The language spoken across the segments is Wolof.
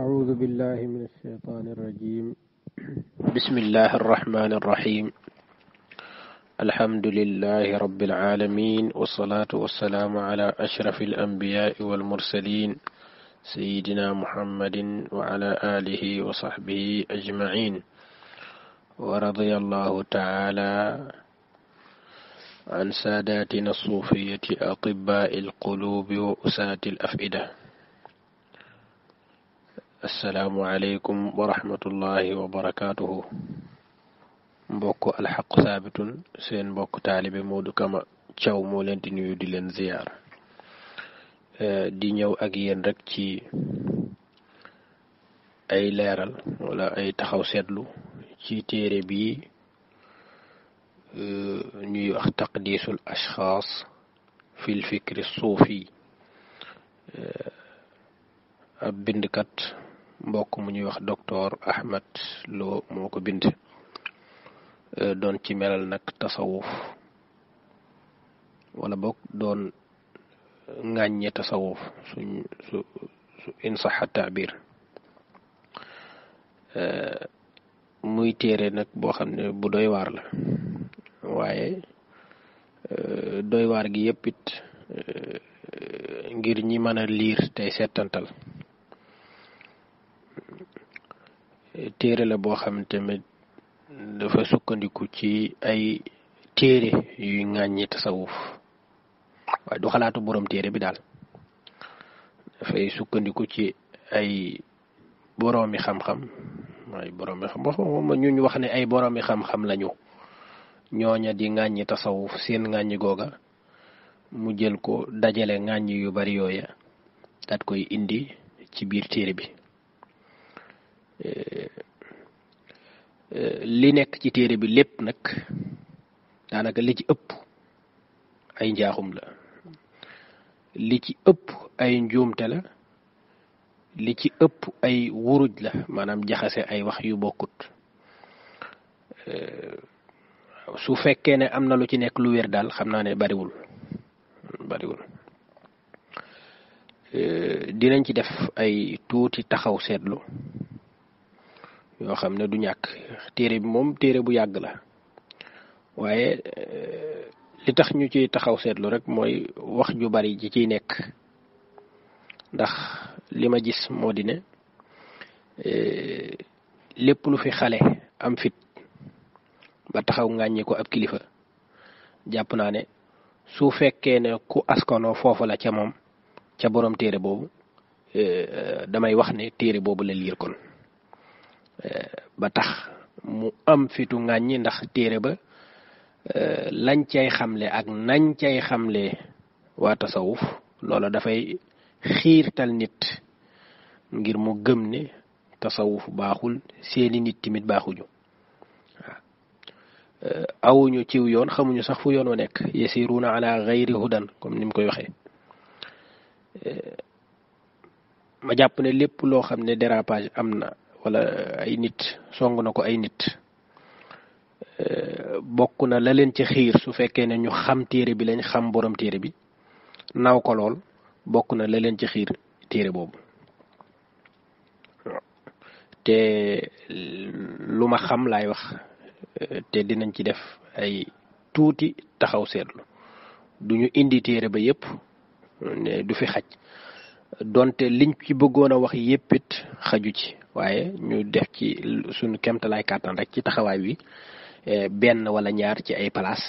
أعوذ بالله من الشيطان الرجيم بسم الله الرحمن الرحيم الحمد لله رب العالمين والصلاة والسلام على أشرف الأنبياء والمرسلين سيدنا محمد وعلى آله وصحبه أجمعين ورضي الله تعالى عن ساداتنا الصوفية أطباء القلوب وأساة الأفئدة السلام عليكم ورحمة الله وبركاته بوكو الحق ثابت سين بوكو طالب مود كما تشاو مولين دي نيو دي لين زيار دي نيو اكيين رك اي ليرال ولا اي تخاو سيدلو تي تيري بي نيو تقديس الاشخاص في الفكر الصوفي ab bindkat mbokk mu ñuy wax docteur Ahmed Lo moo ko bind euh, doon ci melal nag tasawuf wala boog doon ŋàññe tasawuf su insaxa taabir euh, muy téere nag boo xam ne bu doy waar la waaye euh, doy waar gi yëpp it ngir ñi mën a liir tey settantal téere la boo xam tamit dafa sukkandiku ci ay téere yuy ŋàññi tasawuf waaye du xalaatu borom téere bi daal dafay sukkandiku ci ay boroomi xam-xam ay wax ne ay boroomi xam-xam lañu ñooña di ŋàññi tasawuf seen ŋàññi googa mu jël ko dajale ŋàññi yu bari yooya daat koy indi ci biir téere bi li nekk ci téere bi lépp nag daanaka li ci ëpp ay njaaxum la li ci ëpp ay njuumte la li ci ëpp ay wuruj la maanaam jaxase ay wax yu bokkut euh, su fekkee ne am na lu ci nekk lu weer daal xam naa ne bariwul bariwul euh, dinañ ci def ay tuuti taxaw seetlu yoo xam ne du ñàkk téere bi moom téere bu yàgg la waaye eh, li tax ñu ciy taxaw seetlu rek mooy wax ju bari ji ciy nekk ndax li ma gis moo di ne eh, lépp lu fi xale am fit ba taxaw ŋàññi ko ab kilifa jàpp naa ne su fekkee ne ku askanoo foofu la ca moom ca borom téere boobu eh, damay wax ne téere boobu la liir kon ba tax mu am fitu ŋàññi ndax téere ba euh, lañ cay xamle ak nañ cay xamle waa tasawuf loola dafay xiirtal nit ngir mu gëm ne tasawuf baaxul seeni nit tamit baaxuñu waaw euh, awuñu ciw yoon xamuñu sax fu yoon wa nekk yasiruna ala gayri hudan comme ni mu koy waxee euh, ma jàpp ne lépp loo xam ne dérapage am na wala ay nit songu na ko ay nit eh, bokk na la leen ci xiir su fekkee ne ñu xam téere bi lañ xam borom téere bi naw ko lool bokk na la leen ci xiir téere boobu te lu ma xam laay wax eh, te dinañ ci def ay tuuti taxaw seetlu du ñu indi téere ba yépp ne du fi xaj donte liñ ci bëggoon a wax yépp xaju ci waaye ñu def ci suñu kemtalaay kàttan rek ci taxawaay bi e, benn wala ñaar ci ay place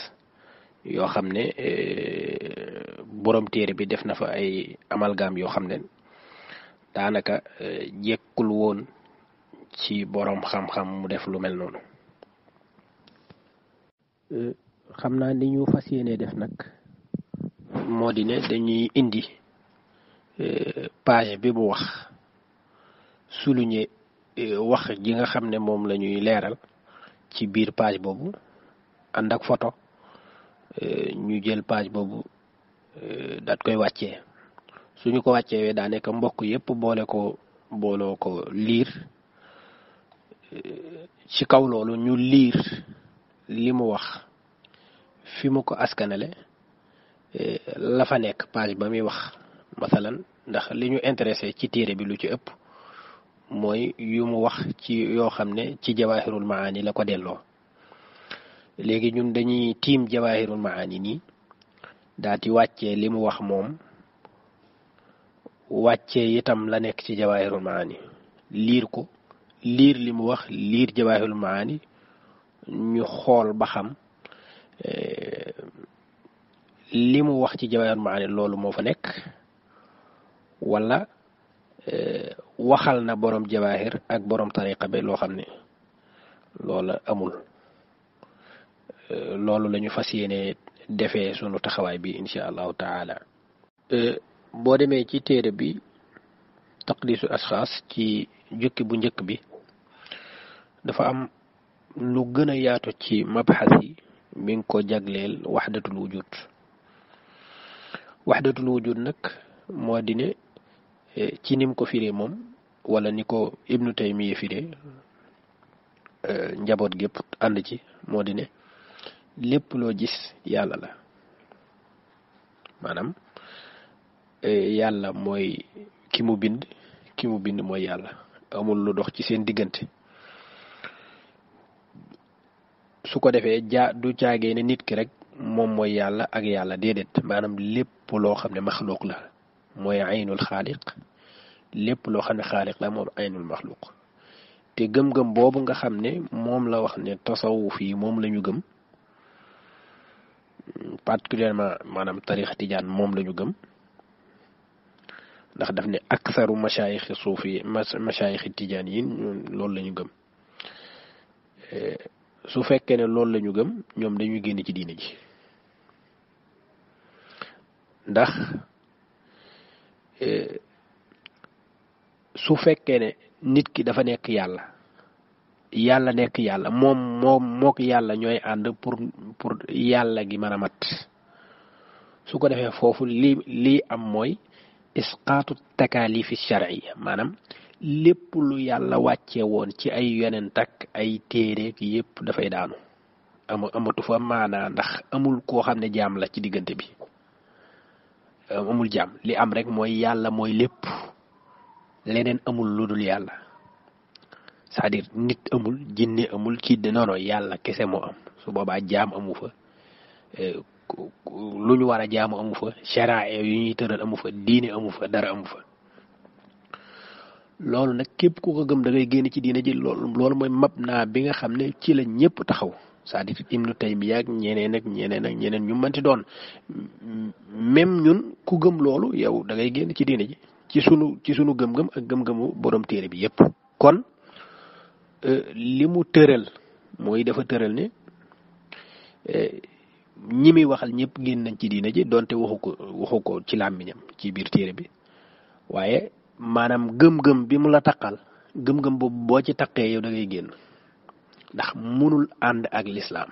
yoo xam ne e, boroom téere bi def na fa ay amalgam yoo xam ne daanaka e, jekkul woon ci boroom xam-xam mu def lu mel noonu. xam naa li ñu fas yéene def nag moo di ne dañuy indi page bi bu wax. souligner eh, wax ji nga xam ne moom la ñuy leeral ci biir page boobu ànd ak photo eh, ñu jël page boobu eh, daat koy wàccee suñu ko wàccee wee daa nekk mbokk yépp boole ko booloo ko liir ci kaw loolu ñu liir li mu wax fi mu ko askanele la fa nekk page ba muy wax masalan ndax li ñu intéressé ci téere bi lu ci ëpp mooy yu mu wax ci yoo xam ne ci jawahirul maani la ko delloo léegi ñun dañuy tiim jawahirul maani nii daati wàccee li mu wax moom wàccee itam la nekk ci jawahirul maani liir ko liir li mu wax liir jawahirul maani ñu xool ba xam eh, li mu wax ci jawahirul maani loolu moo fa nekk wala Eh, waxal na boroom jawaahir ak borom tariqa bi loo xam ne loola amul eh, loolu lañu fas yéene defee sunu taxawaay bi incha allahu taala eh, boo demee ci téere bi taqdisu asxaas ci jukki bu njëkk bi dafa am lu gën a yaatu ci mabxas yi mi ngi ko jagleel waxdatul wujud waxdatul wujud nag moo di ne Eh, ci nim ko firee moom wala ni ko ibnu taymiya firee eh, njaboot gépp ànd ci moo di ne lépp loo gis yàlla la maanaam eh, yàlla mooy ki mu bind ki mu bind mooy yàlla amul lu dox ci seen diggante su ko defee jaa du caagee ne nit ki rek moom mooy yàlla ak yàlla déedéet maanaam lépp loo xam ne maxluuq la mooy aynul xaaliq lépp loo xam ne xaaliq la moom aynul maxluq te gëm-gëm boobu nga xam ne moom la wax ne tasawuf yi moom lañu ñu gëm particulièrement maanaam tarixa tijaan moom lañu gëm ndax daf ne aksaru machaayixi suuf yi machaayixi tijaan yi loolu la ñu gëm su fekkee ne loolu lañu gëm ñoom dañuy génn ci diina ji ndax Eh, su fekkee ne nit ki dafa nekk yàlla yàlla nekk yàlla moom moom mook yàlla ñooy ànd pour pour yàlla gi mën a mat su ko defee foofu lii lii am mooy isqaatu takaalifi yi maanaam lépp lu yàlla wàcce woon ci ay yonent ak ay téereek yépp dafay daanu ama amatu fa maanaa ndax amul koo xam ne jaam la ci diggante bi Euh, amul jàmm li am rek mooy yàlla mooy lépp leneen amul lu dul yàlla cest à nit amul jinne amul kii de non yàlla kese moo am su boobaa jaam amu fa euh, lu ñu war a jaamu amu fa sharaa yu ñuy tëral amu fa diine amu fa dara amu fa loolu nag képp ku ko gëm da ngay génn ci diine ji loolu loolu mooy mab naa bi nga xam ne ci la ñëpp taxaw c'est-à-dire ibnu taymiya ak ñeneen ak ñeneen ak ñeneen ñu mënti doon même ñun ku gëm loolu yow da ngay génn ci diine ji ci sunu ci sunu gëm-gëm ak gëm-gëmu borom téere bi yépp kon euh, li mu tëral mooy dafa tëral ne euh, ñi muy waxal ñëpp génn nañ ci diine ji donte waxu ko waxu ko ci làmmiñam ci biir téere bi waaye maanaam gëm-gëm bi mu la taqal gëm-gëm boobu boo ci taqee yow dangay génn ndax munul ànd ak lislaam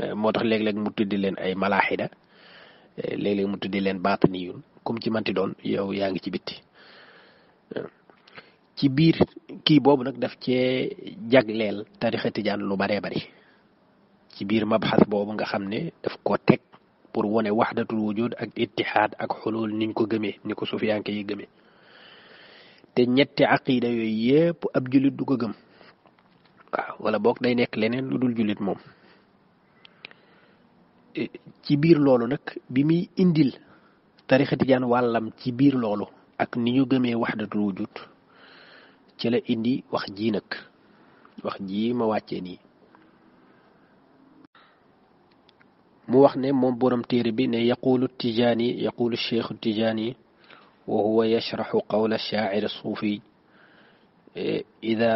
eh, moo tax léeg-léeg mu tuddi leen ay malaaxida eh, léeg-léeg mu tuddi leen baataniyun comme ci manti doon yow yaa ngi ci bitti eh, ci biir kii boobu nag daf cee jagleel tarixa tijaan lu baree bari ci biir mabxas boobu nga xam ne daf ko teg pour wone waxdatul wujud ak ittihaad ak xulul niñ ko gëmee ni ko suufiyanke yi gëmee te ñetti aqida yooyu yépp ab jullit du ko gëm waaw wala boog day nekk leneen lu dul jullit moom eh, ci biir loolu nag bi muy indil tarixa tijaan wàllam ci biir loolu ak ni ñu gëmee wax datul wujud ci la indi wax ji nag wax ji ma wàccee nii mu wax ne moom boroom téere bi ne yaqulu tijaani yaqulu cheikhu tijaani wa huwa yashraxu qawla shaacir suufi eh, ida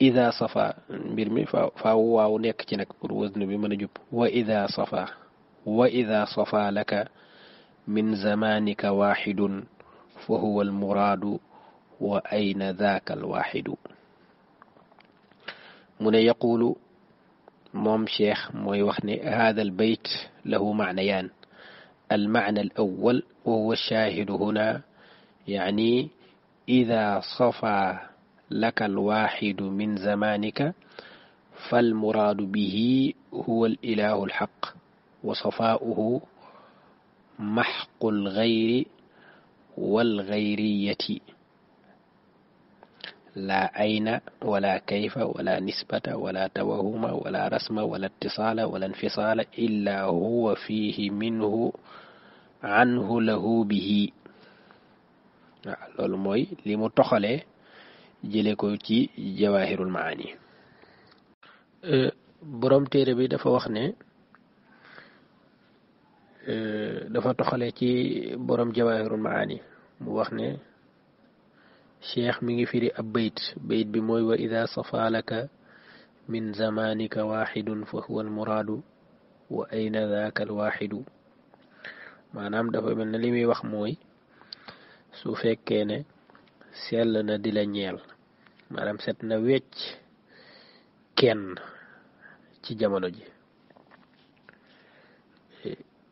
إذا صفا برمي فهو ونك تنك بروزن بمن جب وإذا صفا وإذا صفا لك من زمانك واحد فهو المراد وأين ذاك الواحد من يقول موم شيخ موي وخني هذا البيت له معنيان المعنى الأول وهو الشاهد هنا يعني إذا صفا لك الواحد من زمانك فالمراد به هو الإله الحق وصفاؤه محق الغير والغيرية لا أين ولا كيف ولا نسبة ولا توهم ولا رسم ولا اتصال ولا انفصال إلا هو فيه منه عنه له به loolu موي لي مو toxalee jële ko ci jawahirul maani borom téré bi dafa wax ne dafa toxale ci borom jawahirul maani mu wax ne cheikh mi ngi firi ab bayt bayt bi mooy wa idha safa laka min zamanika waxidun fa huwa al almuraadu wa ayna al alwaxidu maanaam dafa mel ne li muy wax mooy su fekkee ne sell na di la ñeel maanaam set na wecc kenn ci jamono ji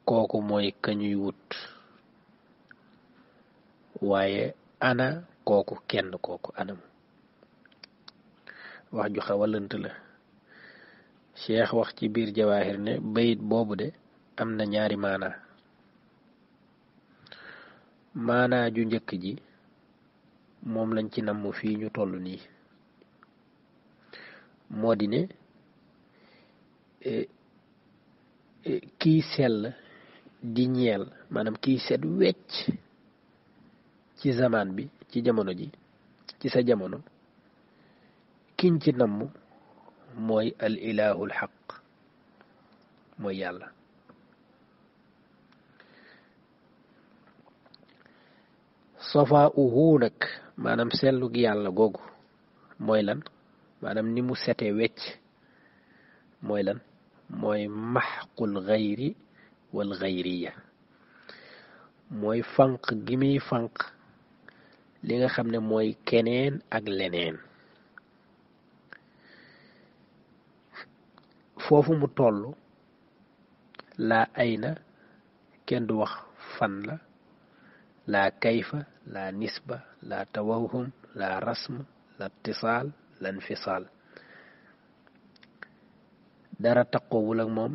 kooku mooy kañuy wut waaye ana kooku kenn kooku anam wax ju xaw la cheikh wax ci biir jawaahir ne bayit boobu de am na ñaari maana maanaa ju njëkk ji moom lañ ci namm fii ñu toll nii moo di ne e, e, kiy sell di ñeel maanaam kiy set wecc ci zamaan bi ci jamono ji ci sa jamono kiñ ci namm mooy al ilaahul xaq mooy yàlla safaa uhu nag maanaam seetlu gi yàlla googu mooy lan maanaam ni mu sete wecc mooy lan mooy maxqul xayri wal xayriya mooy fànq gi muy fànq li nga xam ne mooy keneen ak leneen foofu mu toll laa ay na kenn du wax fan la laa kayfa la nisba, la توهم la rasm, la tisal, la انفصال dara taqowul ak mom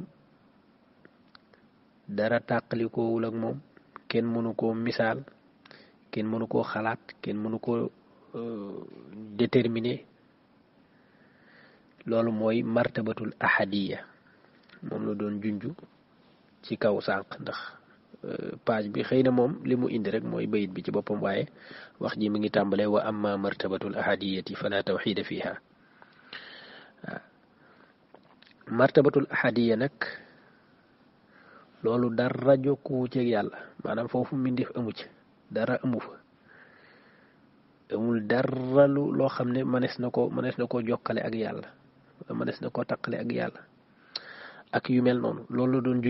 dara tàqalikowul ak mom ken mënu misal ken kenn mënu ken xalaat déterminer martabatul ahadiya moom la doon junju ci kaw sànq ndax Euh, page bi xeyna mom limu indi rek moy bayit bi ci bopam waye wax ji mi ngi tambale wa amma martabatul ahadiyati fala tawhid fiha martabatul ahadiya nag loolu dara jokkuwu ci yalla manam fofu mindif amu ci dara amu fa amul dara lo xamne manes nako manes nako jokale jokkale ak yalla manes nako takale ak yalla ak yu mel non lolou doon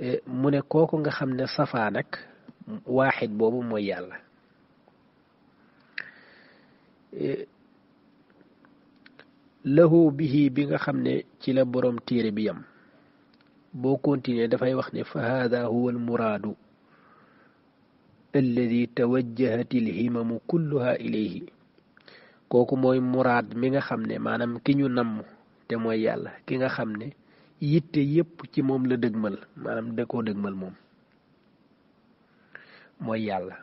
Eh, mu ne kooku nga xam ne safaa nag waaxit boobu mooy yàlla eh, lahu bi nga xam ne ci la boroom téere bi yam boo continuer dafay wax ne fa haada huwa almuraadu alladi tawajjahat ilhimamu kulluha ilayhi kooku mooy muraad mi nga xam ne maanaam ki ñu namm te mooy yàlla ki nga xam ne yitte yépp ci moom la dëgmal maanaam da koo dëgmal moom mooy yàlla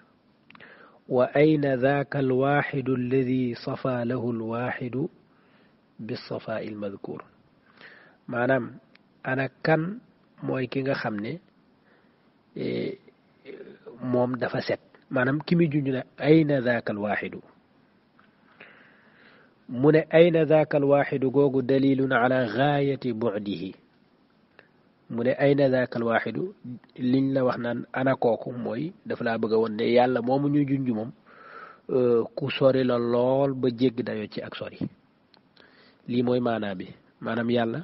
wa ayna daaka alwaxidu alladi safa lahu alwaxidu bisafaa almadkur maanaam ana kan mooy ki nga xam ne moom dafa set maanaam ki muy junj ne ayna daaka alwaxidu mu ne ayna daaka alwaxidu googu dalilun ala gaayati budihi mu ne ay na zaakal waaxidu liñ la wax naan ana kooku mooy daf laa bëgg a woon ne yàlla moomu ñu junj moom euh, ku sori la lool ba jégg dayoo ci ak sori lii mooy maanaa bi maanaam yàlla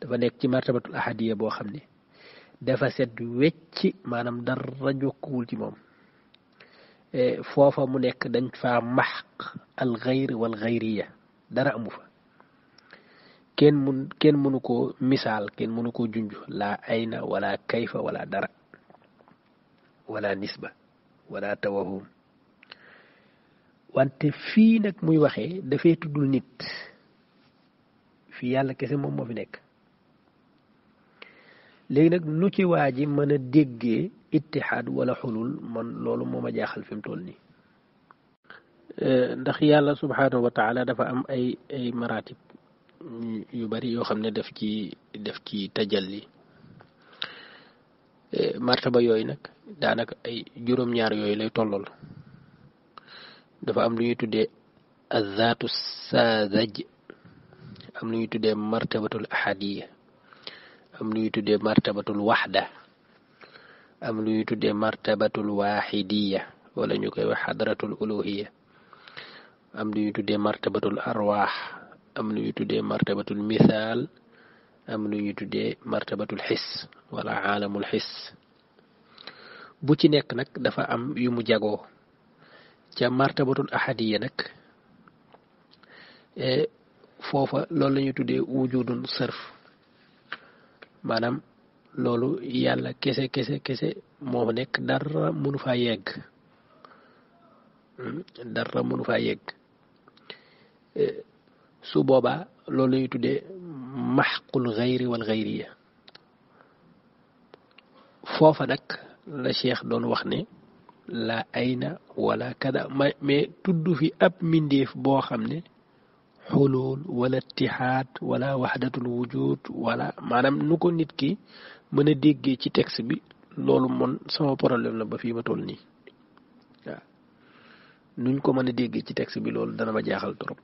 dafa nekk ci martabatul ahadiya boo xam ne dafa set wecc maanaam dara jokkuwul ci moom foofa mu nekk dañ faa maxq al xayr wal dara amu fa كين من كين منكو مثال كين منكو جنجو لا أين ولا كيف ولا درء ولا نسبة ولا توهم وانت فينك نك موي وخي دافاي تودول نيت في يالا كيسه موم مو نيك لي نك نوتي واجي مانا ديغي اتحاد ولا حلول من لولو موما جاخال فيم تولني ndax yàlla subhanahu wa taala dafa am ay ay maratib yu bari yo xamne daf ci daf ci tajalli martaba yooyu nag daanaka ay jurom naar yoy lay tollol dafa am lu ñuy tuddee azaatu saazaj am lu ñuy tuddee martabatul ahadiyya am lu ñuy tuddee martabatul wahda am lu ñuy tuddee martabatul wahidiyya wala ñukay koy wax xadratul uluhiya am lu ñuy tuddee martabatul arwah am lu ñu tuddee martabatul misaal am lu ñu tuddee martabatul xis wala aalamul xis bu ci nekk nag dafa am yu mu jagoo ca martabatul ahadiya nag eh, foofa loolu la ñu tuddee wujudun sërf maanaam loolu yàlla kese kese kese moo nekk dara mënu faa yegg hmm, dara mënu faa yegg eh, su boobaa loolu lañuy tuddee maxqul xayri wal xayriya foofa nag la cheikh doon wax ne la ayna wala kada ma mais tudd fi ab mbindéef boo xam ne xulul wala ittihaad wala waxdatul wujud wala maanaam nu ko nit ki mën a déggee ci tex bi loolu moom sama problème la ba fii ma toll nii waaw nuñ ko mën a déggee ci tex bi loolu dana ma jaaxal torop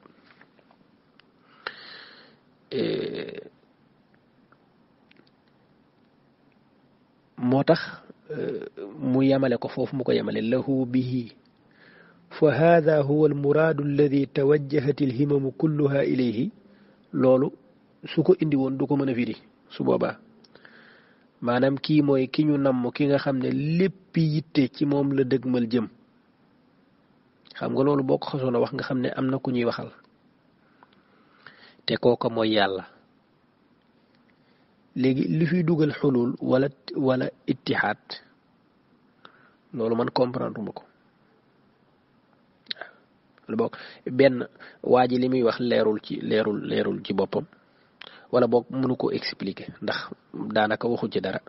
Eh, moo tax eh, mu yemale ko foofu mu ko yemale lahu bihi fa hada huwa almuraadu alladi tawajjahat alhimamu kulluha ilayhi loolu su ko indi woon du ko mën a firi su boobaa maanaam kii mooy ki ñu namm ki nga xam ne lépp yitte ci moom la dëgmal jëm xam nga loolu boo ko xasoon a wax nga xam ne am na ku ñuy waxal te kooka mooy yàlla léegi li fiy dugal xulul walla wala ittihaad loolu man comprendre ma ko lu benn waa ji li muy wax leerul ci leerul leerul ci boppam wala boog mënu ko expliquer ndax daanaka waxu ci dara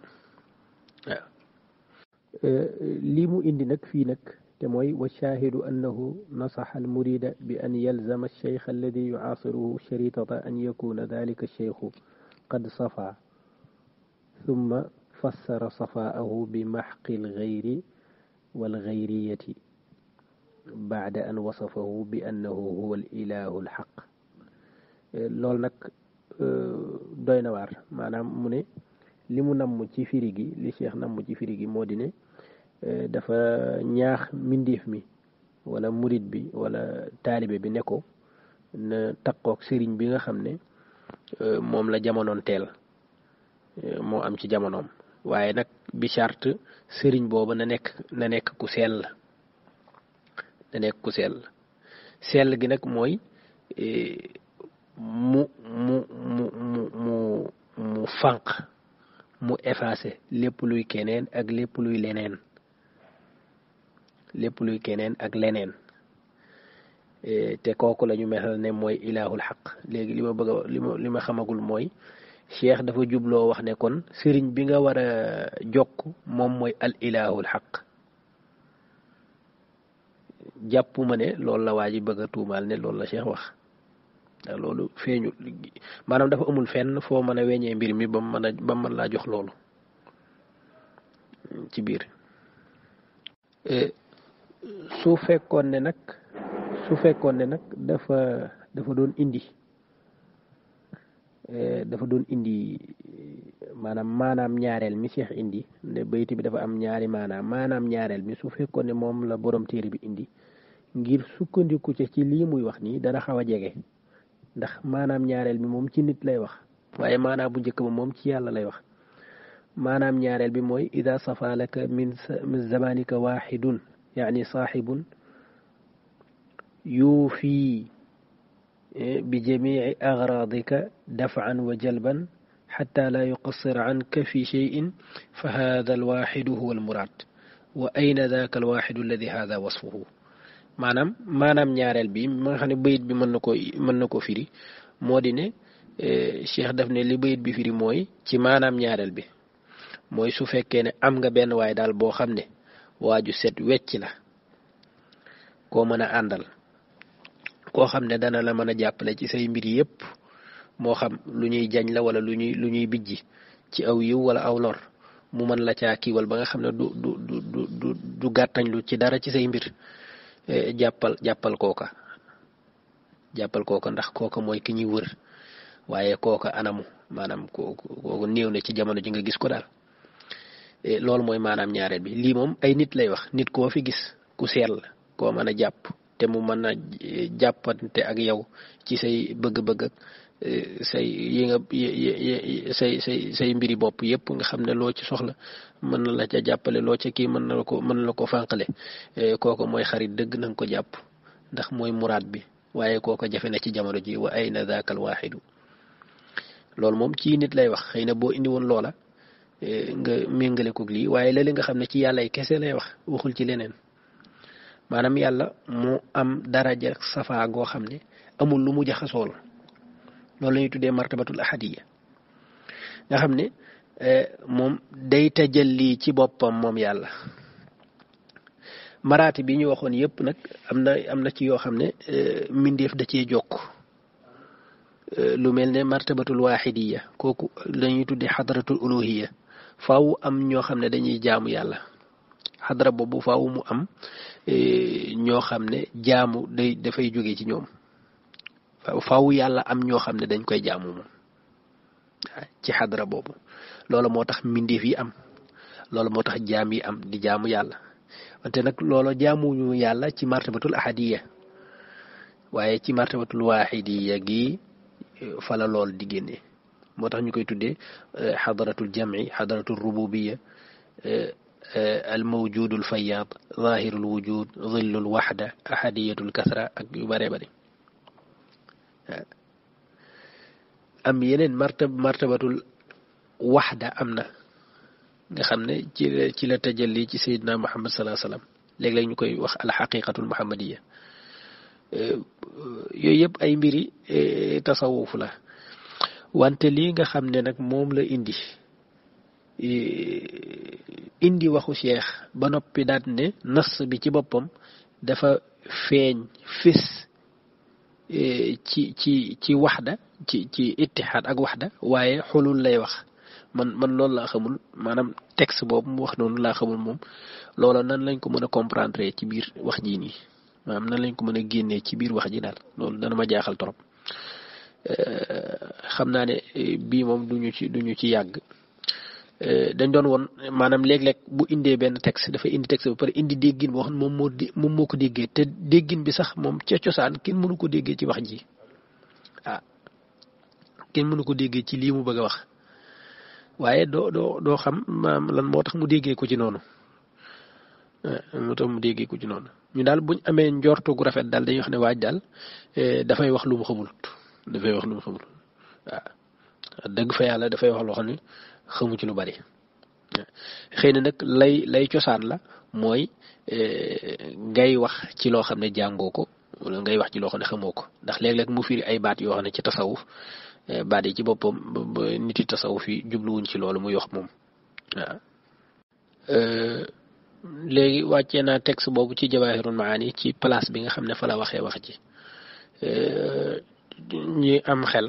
euh, lii mu indi nag fii nag. كموي والشاهد أنه نصح المريد بأن يلزم الشيخ الذي يعاصره شريطة أن يكون ذلك الشيخ قد صفى ثم فسر صفاءه بمحق الغير والغيرية بعد أن وصفه بأنه هو الإله الحق lool nag معنا مني waar maanaam mu ne li mu namm Euh, dafa ñaax mbindeef mi walla murit bi wala taalibe bi ne ko na takkook sëriñ bi nga xam ne euh, moom la jamonoon teel euh, moo am ci jamonoom waaye nag bi chart sëriñ booba na nekk na nekk ku seel na nekk ku sell sell gi nag mooy mu mu mu mu mu mu fànq mu effacé lépp luy keneen ak lépp luy leneen lépp luy keneen ak leneen e, te kooku la ñu mesal ne mooy ilaahul xaq léegi li ma bëgg li ma xamagul mooy cheikh dafa jubloo wax ne kon sëriñ bi nga war a jokk moom mooy al ilaahul xaq jàpp ma ne loolu la waa ji bëgg a tuumaal ne loolu la cheikh wax ndax loolu feeñu maanaam dafa amul fenn foo mën a weññee mbir mi ba mu mën a ba mën laa jox loolu ci biir e, su fekkoon ne nag su fekkoon ne nag dafa dafa doon indi eh, dafa doon indi maanaam maanaam ñaareel mi seex indi ne bayti bi dafa am ñaari maanaam maanaam ñaareel mi su fekkoon ne moom la borom téere bi indi ngir sukkandiku ca ci lii muy wax nii dana xaw a jege ndax maanaam ñaareel bi moom ci nit lay wax waaye maanaam bu njëkk ba moom ci yàlla lay wax maanaam ñaareel bi mooy ida safalaka min min zamanika waxidun يعني صاحب يوفي بجميع أغراضك دفعا وجلبا حتى لا يقصر عنك في شيء فهذا الواحد هو المراد وأين ذاك الواحد الذي هذا وصفه maanaam maanaam ñaareel bi ma nga xam ne bayit bi mën na ko mën na ko firi moo di ne cheikh daf ne li bayit bi firi mooy ci maanaam ñaareel bi mooy su fekkee ne am nga benn waaye daal boo xam ne waaju set wecc la koo mën a àndal koo xam ne dana la mën a jàppale ci say mbir yépp moo xam lu ñuy jañ la wala lu ñuy lu ñuy bijji ci aw yiw wala aw lor mu mën la caa kiiwal ba nga xam ne du du du du gàttañ lu ci dara ci say mbir e, jàppal jàppal kooka jàppal kooka ndax kooka mooy ki ñuy wër waaye kooka anamu maanaam kooku néew na ci jamono ji nga gis ko daal Eh, lool moy manam ñaarel bi li mom ay nit lay wax nit ko fi gis ku sel ko meuna japp te mu meuna eh, jappante ak yow ci say bëgg-bëgg ak eh, say yi nga say say say mbiri bop yep nga xamne lo ci soxla mën la ca jappale lo ci ki mën la ko mën la ko fànqale koko moy xarit deug nang ko japp ndax moy murad bi waye koko jafé na ci jamono ji wa ayna na daakal waaxidu mom ci nit lay wax xeyna na indi won lola Eh, nga méngale ko lii waaye la nga xam ne ci yàlla yi kese lay wax waxul ci leneen maanaam yàlla mu am daraja safaa goo xam ne amul lu mu jaxasool loolu la ñuy tuddee martabatul ahadiya nga xam ne eh, moom day tajalli ci boppam moom yàlla maraati bi ñu waxoon yëpp nag am na am na ci yoo xam ne eh, mbindeef da cee jokk lu mel ne martabatul waaxidiya kooku lañuy tuddee xadaratul uluhiya faaw am ñoo xam ne dañuy jaamu yàlla xadara boobu faaw mu am e, ñoo xam ne jaamu day dafay jóge ci ñoom faaw yàlla am ñoo xam ne dañ koy jaamu ci xadara boobu loolu moo tax mbindeef yi am loolu moo tax jaam yi am di jaamu yàlla wante nag loolo jaamuñu yàlla ci martabatul ahadiya waaye ci martabatul waaxidiya gi e, fala lool di génne moo tax ñu koy tuddee xadaratul jamci xadaratul rububiya fayyad fayaad zahirul wujud zillul waxda ahadiyatul kasra ak yu bare bare am yenen martab martabatul wahda amna nga xamne ci ci la tajalli ci sayidna muhammad sallallahu alayhi wasallam leg leg ñukoy wax al haqiqatul muhammadiyya yoy yëpp ay mbiri tasawuf la wante lii nga xam ne nag moom la indi e, indi waxu cheikh ba noppi daat ne nas bi ci boppam dafa feeñ fis e, ci ci waxda ci ci ittihaad ak waxda waaye xulul lay wax man man loolu laa xamul maanaam texte boobu mu wax noonu laa xamul moom loola nan lañ ko mën a comprendre ci biir wax jii nii maanaam nan lañ ko mën a génnee ci biir wax ji daal loolu dana ma jaaxal trop Euh, xam naa ne eh, bii moom duñu ci duñu ci yàgg euh, dañ doon won maanaam léeg-léeg bu indee benn texte dafay indi texte ba pare indi déggin boo xam ne moom moo moom moo ko déggee te déggin bi sax moom ca cosaan kenn mënu ko déggee ci wax ji ah kenn mënu ko déggee ci lii mu bëgg a wax waaye doo doo doo xam maam lan moo tax mu déggee ko ci noonu moo euh, tax mu déggee ko ci noonu ñu daal buñ amee njortu gu rafet daal dañuy wax ne waaj daal eh, dafay wax lu mu xamul dafay wax lu mu xamul dëgg fa yàlla dafay wax loo xam ne xamu ci lu bari xëy na nag lay lay cosaan la mooy eh, ngay wax ci loo xam ne jàngoo ko wala ngay wax ci loo xam ne xamoo ko ndax léeg-léeg mu firi ay baat yoo xam ne ci tasawuf eh, baat yi ci boppam nit yi tasawuf yi jubluwuñ ci loolu muy yox moom eh, léegi wàccee naa tex boobu ci jawaahirul maani ci place bi nga xam ne fa la waxee wax ci ñi am xel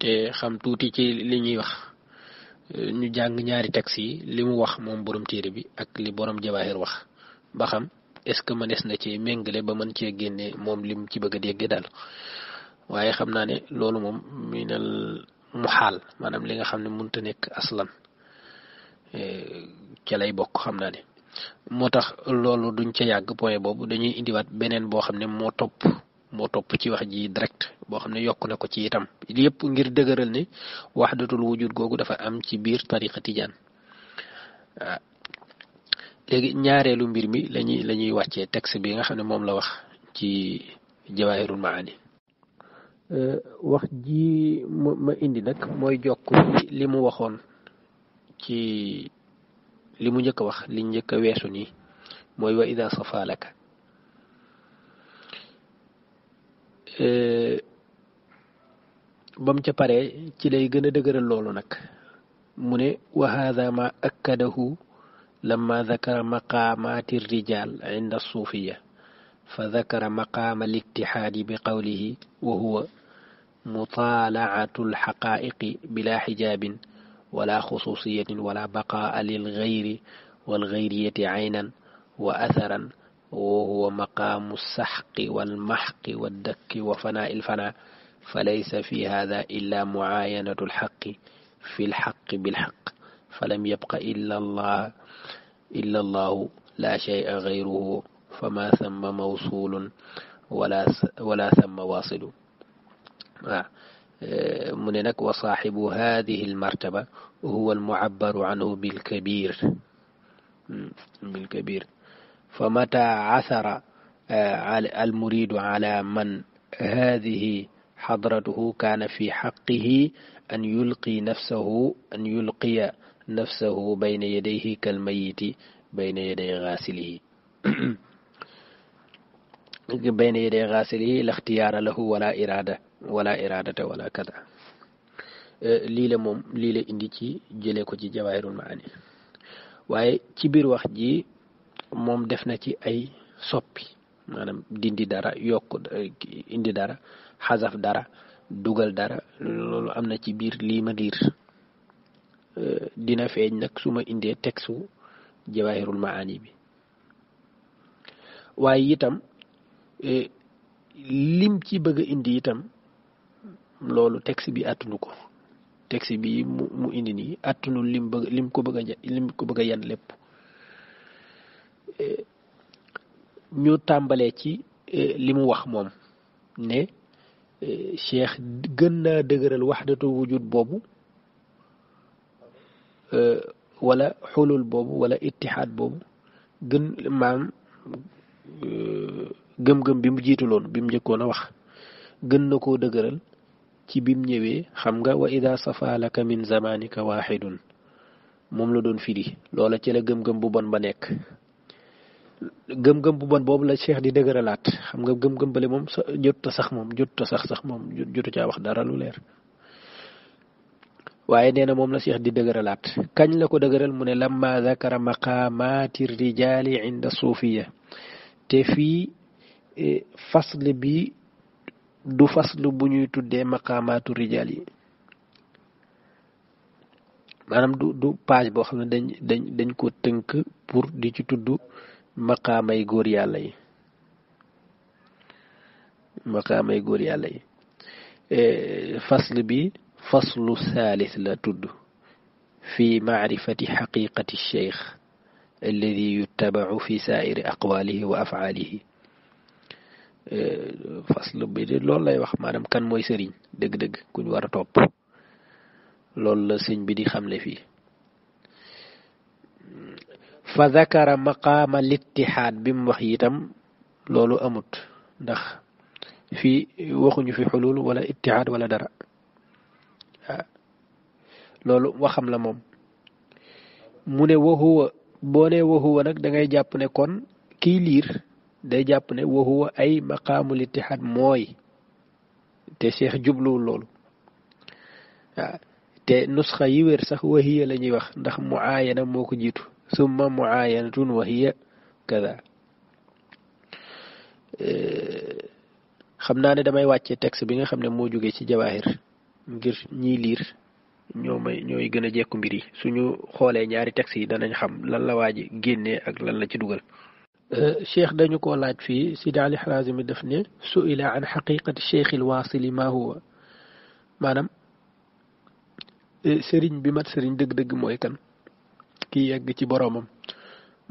te xam tuuti ci li ñuy wax ñu jàng ñaari texte yi li mu wax moom borom téere bi ak li borom jawaahir wax ba xam est-ce que mënees na ci méngale ba mën cee génne moom lim ci bëgg a dégg daal waaye xam naa ne loolu moom minal mu xaal maanaam li nga xam ne mënta nekk aslan e, ca lay bokk xam naa ne moo tax loolu duñ ca yàgg point boobu dañuy indiwaat beneen boo xam ne moo topp moo topp ci wax ji direct boo xam ne yokk na ko ci itam li ngir dëgëral ne waxdatul wujud googu dafa am ci biir tariqa tijaan ah, léegi ñaareelu mbir mi lañuy lañuy wàccee texte bi nga xam ne moom la wax ci jawahirul maani eh, wax ji ma indi nag mooy jokk ci li mu waxoon ci li mu njëkk wax li njëkk weesu nii mooy wa ida safalaka bam ca paree ci lay gën a dëgëral loolu nag mu ne wa hada ma akkadahu lama dakara maqaamaati rijaal inda suufiya fa dakara maqaama littihaadi bi qawlihi wa huwa مطالعة الحقائق بلا حجاب ولا خصوصية ولا بقاء للغير والغيرية عينا وأثرا وهو مقام السحق والمحق والدك وفناء الفناء فليس في هذا إلا معاينة الحق في الحق بالحق فلم يبق إلا الله إلا الله لا شيء غيره فما ثم موصول ولا ولا ثم واصل آه، مننك وصاحب هذه المرتبة هو المعبر عنه بالكبير بالكبير فمتى عثر آه، المريد على من هذه حضرته كان في حقه أن يلقي نفسه أن يلقي نفسه بين يديه كالميت بين يدي غاسله بين يدي غاسله لا اختيار له ولا إرادة ولا إرادة ولا كذا آه، ليلة موم ليلة lii la جي ci jëlee ko ci jawaahirul maani waaye ci moom def na ci ay soppi maanaam dindi dara yokk eh, indi dara xasaf dara dugal dara loolu am na ci biir lii ma liir eh, dina feeñ nag su ma indee textu jawaahirul maani bi waaye itam eh, lim ci bëgg indi itam loolu texte bi attunu ko texte bi mu indi nii attunul lim bëgg lim ko bëgg lim ko bëgg a yan lépp Euh, ñu tàmbalee ci euh, li mu wax moom ne euh, cheikh gën naa dëgëral waxdatu wujud boobu walla xulul boobu wala ittihaad boobu gën maam gëm-gëm bi mu jiituloon bi mu njëkkoon a wax gën na koo dëgëral ci bim ñëwee xam nga wa ida safa laka min zamanika waaxidun moom la doon firi loola ci la gëm-gëm bu bon ba nekk gëm-gëm bu bon boobu la cheikh di dëgëralaat xam nga gëm-gëm bële moom sa jotut sax moom jotut sax sax moom jotu caa wax dara lu leer waaye nee na moom la cheikh di dëgëralaat kañ la ko dëgëral mu ne lamma zakara maqaamaati rijaali inda te fii e, fasl bi du bu ñuy tuddee maqaamaatu rijaal yi maanaam du du page boo xam ne dañ dañ dañ ko tënk pour di ci tudd maqaamay góor yàlla yi maqaamay góor yàlla yi e, fasl bi faslu saalis la tudd fi maarifati xaqiqati cheikh alladi yuttabacu fi saairi aqwaalihi wa afaalihi e, fasl bi de loolu lay wax maanaam kan mooy sëriñ dëgg-dëgg kuñ war a topp loolu bi di xamle fii fa zakara maqaama littihaad bi mu wax itam loolu amut ndax fii waxuñu fi xulul wala ittihaad wala dara ah. loolu waxam la moom mu ne waxuwa boo ne waxuwa nag da ngay jàpp ne kon kii liir day jàpp ne waxuwa ay maqaamul ittihaad mooy te cheikh jubluwul loolu waaw ah. te nusxa yi wér sax wahiya la ñuy wax ndax mu aayana moo ko jiitu ثم معاينة وهي كذا xam naa ne damay wàcce tex bi nga xam ne moo jógee ci jawaahir ngir ñiy liir ñoo may ñooy gën a jekku mbir yi ñu xoolee ñaari tex yi danañ xam lan la waa ji génnee ak lan la ci dugal cheikh dañu ko laaj fii Sidi Ali Harazimi def ne suila an xaqiqati cheikh il waasili ma huwa maanaam eh, sëriñ bi mat sëriñ dëgg-dëgg mooy kan ki yegg ci boroomam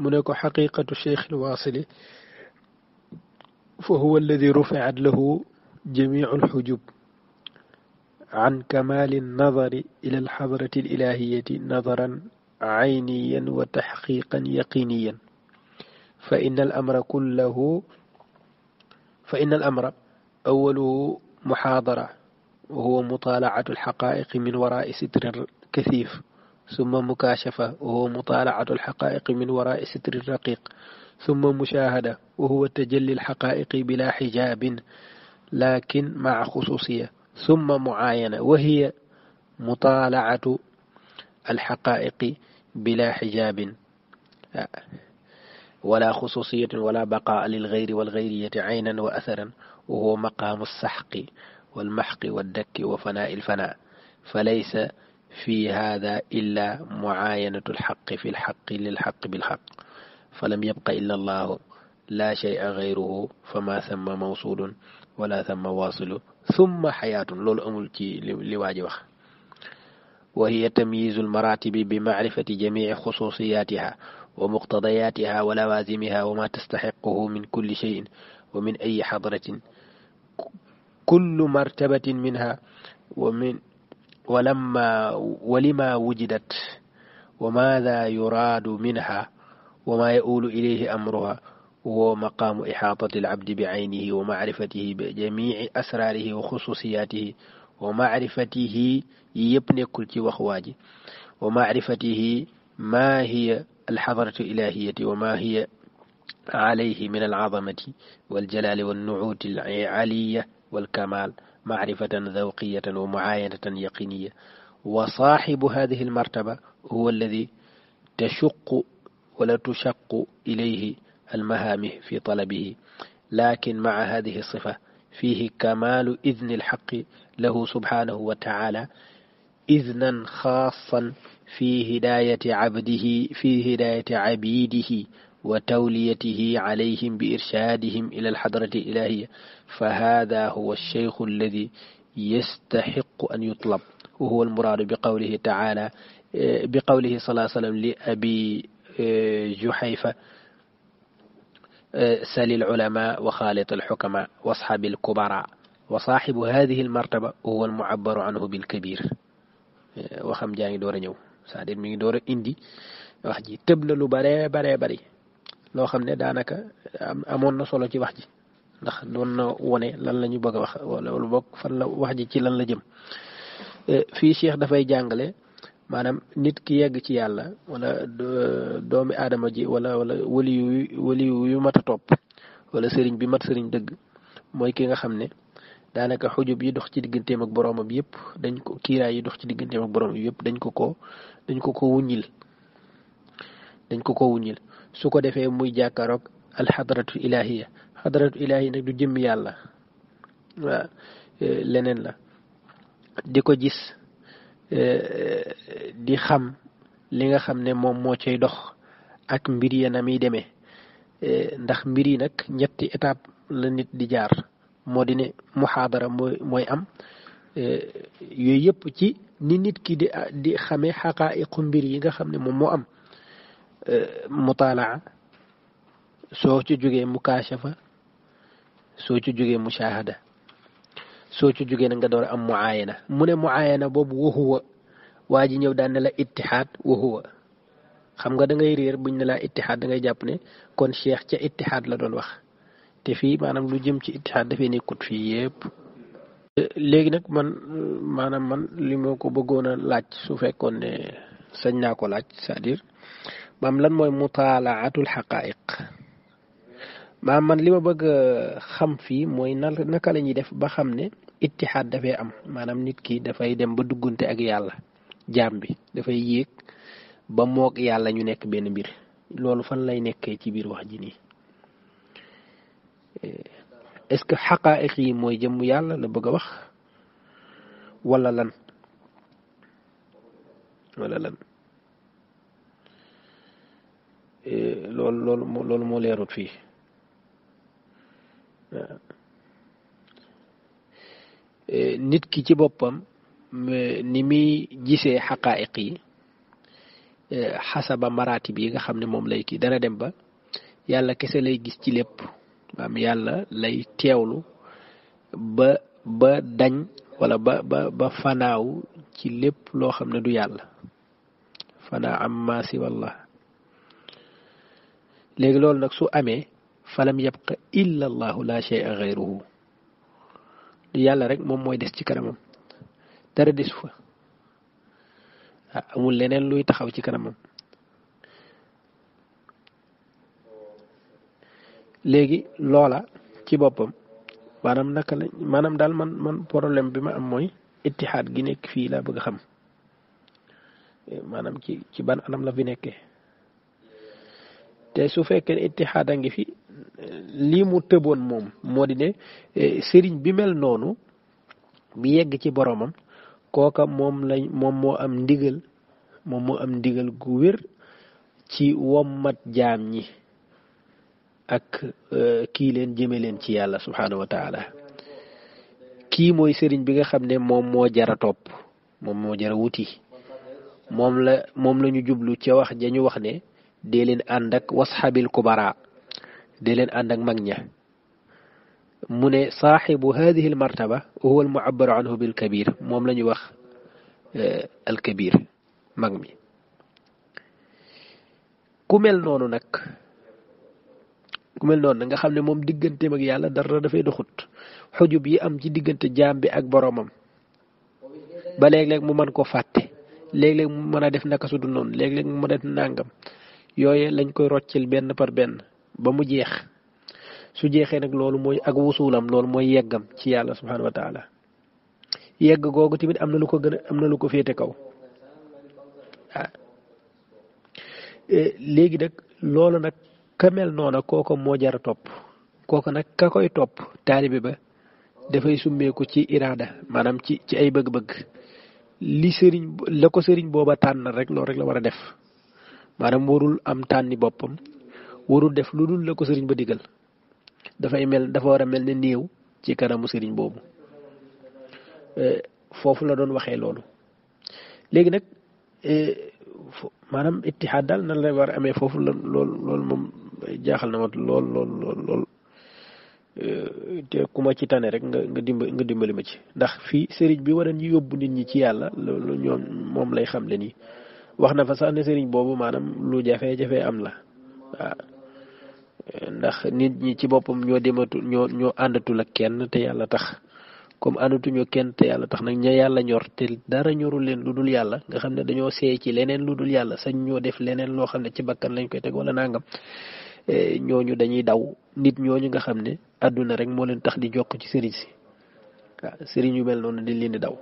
mu ne ko xaqiqatu cheikh alwaasili fa huwa alladi rufiat lahu jamiu عن كمال النظر إلى الحضرة الإلهية نظرا عينيا وتحقيقا يقينيا فإن الأمر كله فإن الأمر أوله محاضرة وهو مطالعة الحقائق من وراء ستر كثيف ثم مكاشفة وهو مطالعة الحقائق من وراء ستر رقيق ثم مشاهدة وهو تجلي الحقائق بلا حجاب لكن مع خصوصية ثم معاينة وهي مطالعة الحقائق بلا حجاب ولا خصوصية ولا بقاء للغير والغيرية عينا وأثرا وهو مقام السحق والمحق والدك وفناء الفناء فليس في هذا إلا معاينة الحق في الحق للحق بالحق فلم يبق إلا الله لا شيء غيره فما ثم موصول ولا ثم واصل ثم حياة لول أمول تي وخ وهي تمييز المراتب بمعرفة جميع خصوصياتها ومقتضياتها ولوازمها وما تستحقه من كل شيء ومن أي حضرة كل مرتبة منها ومن ولما ولما وجدت وماذا يراد منها وما يؤول إليه أمرها وهو مقام إحاطة العبد بعينه ومعرفته بجميع أسراره وخصوصياته ومعرفته يبني كل وخواجي ومعرفته ما هي الحضرة الإلهية وما هي عليه من العظمة والجلال والنعوت العلية والكمال معرفة ذوقية ومعاينة يقينية وصاحب هذه المرتبة هو الذي تشق ولا تشق إليه المهامه في طلبه لكن مع هذه الصفة فيه كمال إذن الحق له سبحانه وتعالى إذنا خاصا في هداية عبده في هداية عبيده وتوليته عليهم بإرشادهم إلى الحضرة الإلهية فهذا هو الشيخ الذي يستحق أن يطلب وهو المراد بقوله تعالى بقوله صلى الله عليه وسلم لأبي آه، جحيفة آه، سل العلماء وخالط الحكماء واصحب الكبراء وصاحب هذه المرتبة هو المعبر عنه بالكبير آه، وخم جاني دور door a new دور c'est-à-dire mi ngi بري a indi loo xam ne daanaka amoon na solo ci wax ji ndax doon na wone lan la ñu bëgg a wax wala lu bokk fan la wax ji ci lan la jëm eh, fii Cheikh dafay jàngale maanaam nit ki yegg ci yàlla wala doomi aadama ji wala wala wali yu yu mat a topp wala sëriñ bi mat sëriñ dëgg mooy ki nga xam ne daanaka xujub yi dox ci digganteem ak boroomam yëpp dañ ko kiiraay yi dox ci digganteem ak boroomam yëpp dañ ko ko dañ ko ko wuññil dañ ko ko wuññil su ko defee muy jàkkaaroog alxadratu ilaahiya xadratu ilaahiya nag du jëmm yàlla waaw e, leneen la di ko gis e, di xam li nga xam ne moom moo cay dox ak mbir ya na muy demee e, ndax mbir yi nag ñetti étape la nit di jaar moo di ne muxaadara mooy mooy am yooyu yëpp ci ni nit ki di di xamee xaqaayiqu mbir yi nga xam ne moom moo am mutaalaa soo ci jógee mukaashafa soo ci jógee mushahada soo ci jógee na nga door am muayana mu ne muayana boobu waxuwa waa ji ñëw daan ne ittihaad waxuwa xam nga dangay ngay buñ ne laa ittihaad da jàpp ne kon cheikh ca ittihaad la doon wax te fii maanaam lu jëm ci ittihaad dafay nekkut fii yépp léegi nag man maanaam man li ko bëggoon a laaj su fekkoon ne sañ naa ko laaj cest maam lan mooy mutaalaatul xaqaayiq maam man li ma bëgg xam fii mooy na naka lañuy def ba xam ne ittihaad dafay am maanaam nit ki dafay dem ba duggante ak yàlla jaam bi dafay yéeg ba moog yàlla ñu nekk benn mbir loolu fan lay nekkee ci biir wax ji nii eh, est-ce que xaqaayiq yi mooy jëmm yàlla la bëgg a wax wala lan wala lan loolu eh, loolu moo leerut fii eh, nit ki ci boppam ni muy gisee xaqaayiq yi eh, xasaba maraatib yi nga xam ne moom lay kii dana dem ba yàlla kese lay gis ci lépp maam yàlla lay teewlu ba ba dañ wala ba ba fanaaw ci lépp loo xam ne du yàlla fanaa am maasi wallah léegi loolu nag su amee falam yabqa illa allahu la shay'a ghayruhu yàlla rek moom mooy des ci kanamam dara desu fa ah, amul leneen luy taxaw ci kanamam léegi loola ci boppam maanaam naka la maanaam daal man man problème bi ma am mooy ittihaad gi nekk fii laa bëgg a xam eh, maanaam ci ci ban anam la fi nekkee te su fekkee ne a ngi fi lii mu tëboon moom moo di ne e, sëriñ bi mel noonu bi yegg ci boroomam kooka moom lañ moom moo am ndigal moom moo am ndigal gu wér ci wommat jaam ñi ak e, kii leen jëme leen ci yàlla subhaanahu wa kii mooy sëriñ bi nga xam ne moom moo jara topp moom moo jara wuti moom la moom lañu jublu ca wax ja wax ne dee leen ànd ak wasxabil kubara dee leen ànd ak mag ña mu ne saaxibu hadihi al martaba huwa al muabbaru anhu bil moom la ñu wax e, al mag mi ku mel noonu nag ku mel noonu nag nga xam ne moom digganteem ak yàlla dara dafay doxut xujub yi am ci diggante jaam bi ak boroomam ba léeg-léeg mu mën ko fàtte léeg-léeg mu mën a def naka su dul noonu léeg-léeg mu mën a nàngam yooye lañ koy roccil benn par benn ba mu jeex su jeexee nag loolu mooy ak wusuulam loolu mooy yeggam ci yàlla subhanahu wa taala yegg googu tamit am na lu ko gën a am na lu ko féete kaw ah. e, léegi nag loolu nag ka mel noona kooko moo jar a topp kooko nag ka koy topp taalibe ba dafay summeeku ci iraada maanaam ci ci ay bëgg-bëgg li sëriñ la ko sëriñ booba tànn rek loolu rek la war a def maanaam warul am tànni boppam warul def lu dul la ko sëriñ ba digal dafay mel dafa war a mel ne néew ci kanamu sëriñ boobu eh, foofu la doon waxee loolu léegi nag eh, maanaam ittihaad daal nan lay war a amee foofu la lool loolu moom jaaxal na ma lool lool lool eh, te ku ma ci tane rek nga nga nga dimbali ma ci ndax fii sëriñ bi war a ñu yóbbu nit ñi ci yàlla loolu ñoom moom lay xam xamle nii wax na fa sax ne sëriñ boobu maanaam lu jafe jafee am la waaw ndax nit ñi ci boppam ñoo dematu ñoo ñoo àndatul ak kenn te yàlla tax comme àndatuñu kenn te yàlla tax nag ña yàlla ñor te dara ñorul leen lu dul yàlla nga xam ne dañoo seey ci leneen lu dul yàlla sañ ñoo def leneen loo xam ne ci bakkan lañ koy teg wala nangam eh, ñooñu dañuy daw nit ñooñu nga xam ne àdduna rek moo leen tax di jokk ci sëriñ si waaw sëriñ yu mel noonu di leen di daw.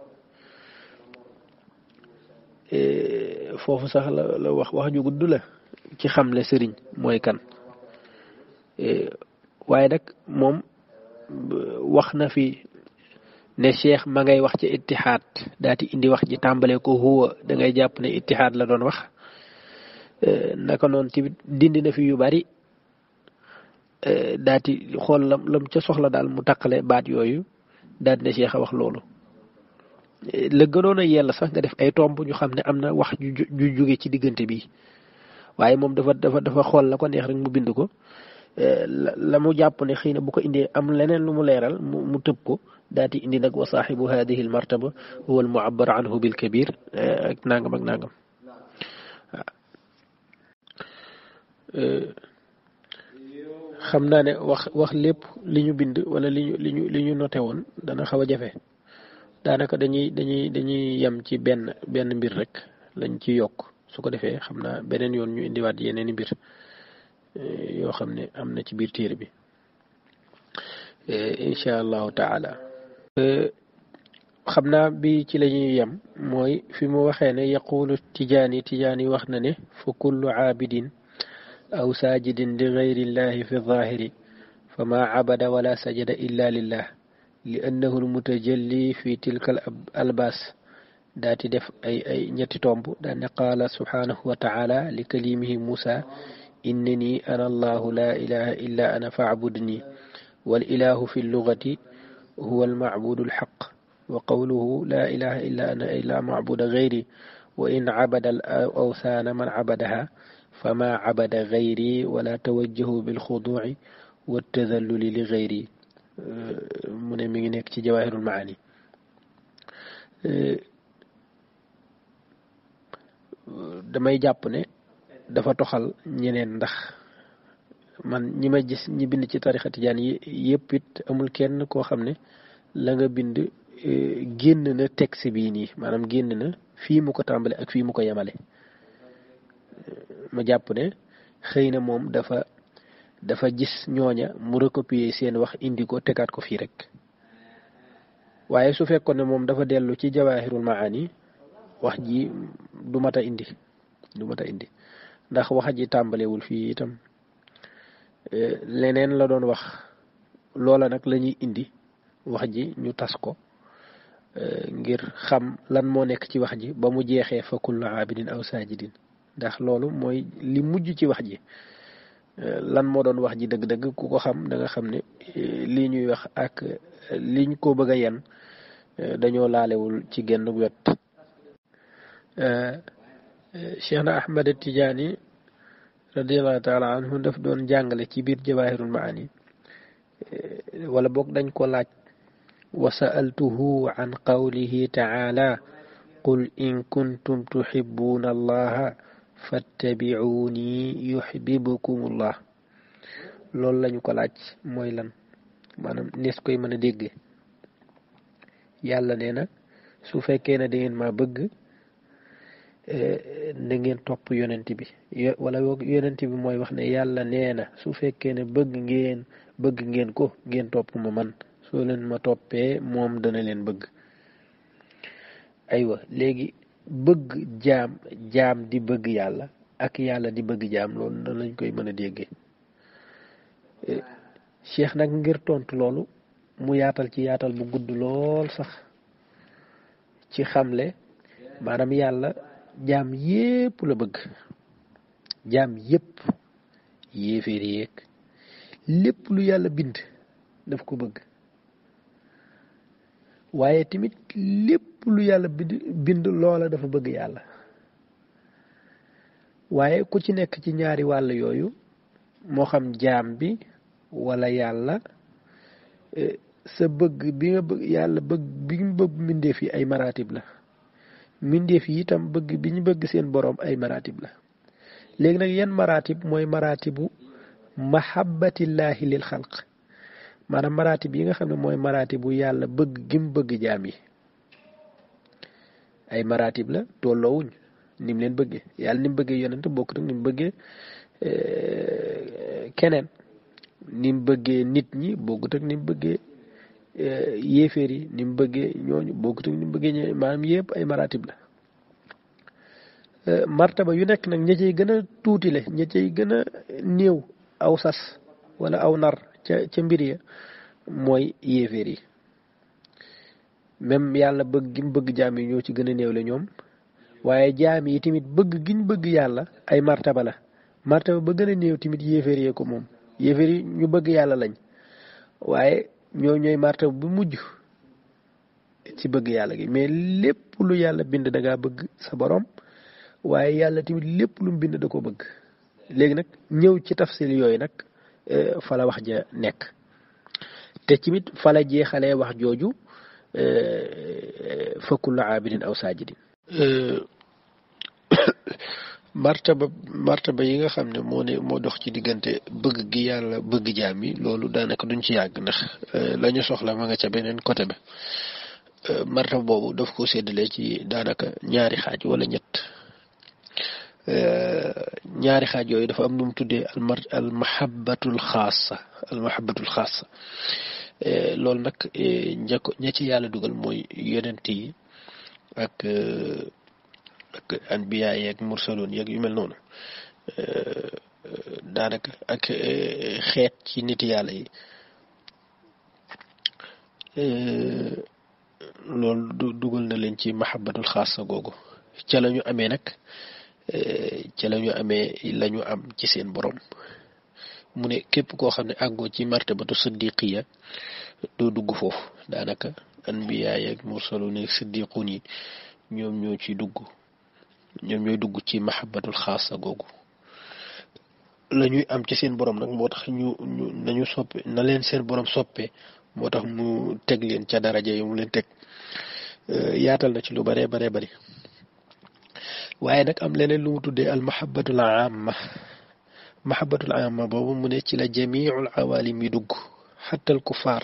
Eh, foofu sax la la wax wax ju gudd la ci xam xamle sëriñ mooy kan e, waaye nag moom wax na fi ne cheikh ma ngay wax ci ittihaad daati indi wax ji tàmbale ko huwa da jàpp ne ittihaad la doon wax e, naka noon tiwit dindi na fi yu bari e, daati xool lam lam ca soxla daal mu taqale baat yooyu daati ne seex a wax loolu la gënoon a yàlla sax nga def ay tomb ñu xam ne am na wax ju ju jóge ci diggante bi waaye moom dafa dafa dafa xool la ko neex rek mu bind ko la mu jàpp ne xëy na bu ko indee am leneen lu mu leeral mu mu tëb ko daati indi nag wa saaxibu hadihi al martaba huwa al muabbar anhu bil kabir ak nangam ak nangam xam naa ne wax wax lépp li ñu bind wala li ñu li ñu li ñu noté woon dana xaw a jafe daanaka dañuy dañuy dañuy yem ci benn benn mbir rek lañ ci yokk su ko defee xam naa beneen yoon ñu indiwaat yeneen i mbir eh, yoo xam ne am na ci biir téere bi eh, incha allahu taala eh, xam naa bi ci la ñuy yem mooy fi mu waxee ne yaqulu tijaani tijaani wax na ne fa kullu aabidin aw saajidin li gayrillahi fi zaahiri fa ma abada wala sajada illa lillah لأنه المتجلي في تلك الألباس داتي دف أي أي نيتي تومب دان قال سبحانه وتعالى لكلمه موسى إنني أنا الله لا إله إلا أنا فاعبدني والإله في اللغة هو المعبود الحق وقوله لا إله إلا أنا إلا معبود غيري وإن عبد الأوثان من عبدها فما عبد غيري ولا توجه بالخضوع والتذلل لغيري Euh, mu ne mi ngi nekk ci jawahirul maani euh, damay jàpp ne dafa toxal ñeneen ndax man ñi ma gis ñi bind ci tarixa tijaan yi yëpp it amul kenn koo xam ne la nga bind euh, génn na texte bii nii maanaam génn na fii mu ko tàmbale ak fii mu ko yemale ma jàpp ne xëy na moom dafa dafa gis ñooña mu recopier seen wax indi ko tegaat ko fii rek waaye su fekkoon ne moom dafa dellu ci jawaahirul maani wax ji du mat a indi du mat a indi ndax wax ji tàmbalewul fii itam eh, leneen la doon wax loola nag lañuy indi wax ji ñu tas ko eh, ngir xam lan moo nekk ci wax ji ba mu jeexee fa kullu aabidin aw saajidin ndax loolu mooy li mujj ci wax ji lan moo doon wax ji dëgg-dëgg ku ko xam da nga xam ne eh, lii ñuy wax ak eh, liñ ko bëgg a yen eh, dañoo laalewul ci genn wet cheikh na ahmad tijaani radiallahu taala anhu daf doon jàngale ci biir jawaahirul maani wala boog dañ ko laaj wa sa'altuhu an qawlihi taala qul in kuntum tuhibbuna allaha fattabiuni yuhibbukum allah loolu lañu ko laaj mooy lan maanaam nees koy mën a dégg yàlla nee na su fekkee ne dangeen ma bëgg eh, na ngeen topp yonent bi wala yonent bi mooy wax ne yàlla nee na su fekkee ne bëgg ngeen bëgg ngeen ko ngeen topp ma man soo leen ma toppee moom dana leen bëgg aywa léegi bëgg jaam jaam di bëgg yàlla ak yàlla di bëgg jaam loolu noonu lañ koy mën a déggee eh, cheikh nag ngir tontu loolu mu yaatal ci yaatal bu gudd lool sax ci xamle maanaam yàlla jaam yépp la bëgg jaam yépp yéeféer yéeg lépp lu yàlla bind daf ko bëgg waaye tamit lépp lu yàlla bind loola dafa bëgg yàlla waaye ku ci nekk ci ñaari wàll yooyu moo xam jaam bi wala yàlla e, sa bëgg bi nga bëgg yàlla bëgg bi mu bëgg mbindeef yi ay maratib la mbindeef yi itam bëgg bi ñu bëgg seen boroom ay maratib la léegi nag yan maratib mooy maratibu mahabbatillahi lil xalq maanaam maraati bi nga xam ne mooy maraati bu yàlla bëgg gim bëgg jaam yi ay maraatib la tolloowuñ ni mu leen bëggee yàlla ni mu bëggee yonent bokk nag ni mu bëggee keneen ni mu bëggee nit ñi bokkut ak ni mu bëggee yéeféer yi ni mu bëggee ñooñu bokkut ak ni mu bëggee ñooñu maanaam yëpp ay maraatib la martaba yu nekk nag ña cay gën a tuutile ña cay gën a néew aw sas wala aw nar ca mbir ya mooy yéeféer yi même yàlla bëgg gi bëgg jaam yi ñoo ci gën a néew la ñoom waaye jaam yi tamit bëgg giñ bëgg yàlla ay martaba la martaba ba gën néew tamit yéeféer yee ko moom yéeféer yi ñu bëgg yàlla lañ waaye ñoo ñooy martaba bu mujj ci bëgg yàlla gi mais lépp lu yàlla bind danga bëgg sa borom waaye yàlla tamit lépp lu mu bind da ko bëgg léegi nag ñëw ci tafsil yooyu nag Euh, fa la wax ja nekk te tamit fa la jeexalee wax jooju euh, fa kullu aabidin aw saajidin euh, martaba ba yi nga xam ne moo ne moo dox ci diggante bëgg gi yàlla bëgg jaam yi loolu daanaka duñ ci yàgg ndax lañu soxla ma nga ca beneen côté ba martaba boobu daf ko séddale ci daanaka ñaari xaaj wala ñett Euh, ñaari xaaj yooyu dafa am nu mu tuddee almar almahabatul xaasa almahabatul xaasa euh, loolu nag euh, ña ko yàlla dugal mooy yonent yi ak ak anbiya yeeg mursaloon yeeg yu mel noonu daanaka ak xeet ci nit yàlla yi loolu dugal na leen ci mahabatul xaasa googu ca la ñu amee nag Eh, ca lañu amee la ñu am ci seen borom mu ne képp koo xam ne àggoo ci martabatu siddiqiya doo dugg foofu daanaka anbiya yeeg mursalun yeeg siddiqun nii ñoom ñoo ciy dugg ñoom ñooy dugg ci mahabbatul xaasa googu la ñuy am ci seen borom nag moo tax ñu ñu nañu soppe na leen seen borom soppe moo tax mu teg leen ca daraja yi mu leen teg eh, yaatal na ci lu bare bare bari waaye nag am leneen lu mu tuddee al mahabbatul amma mahabbatul amma boobu mu ne ci la jamiul awalim yi dugg xatta al kufaar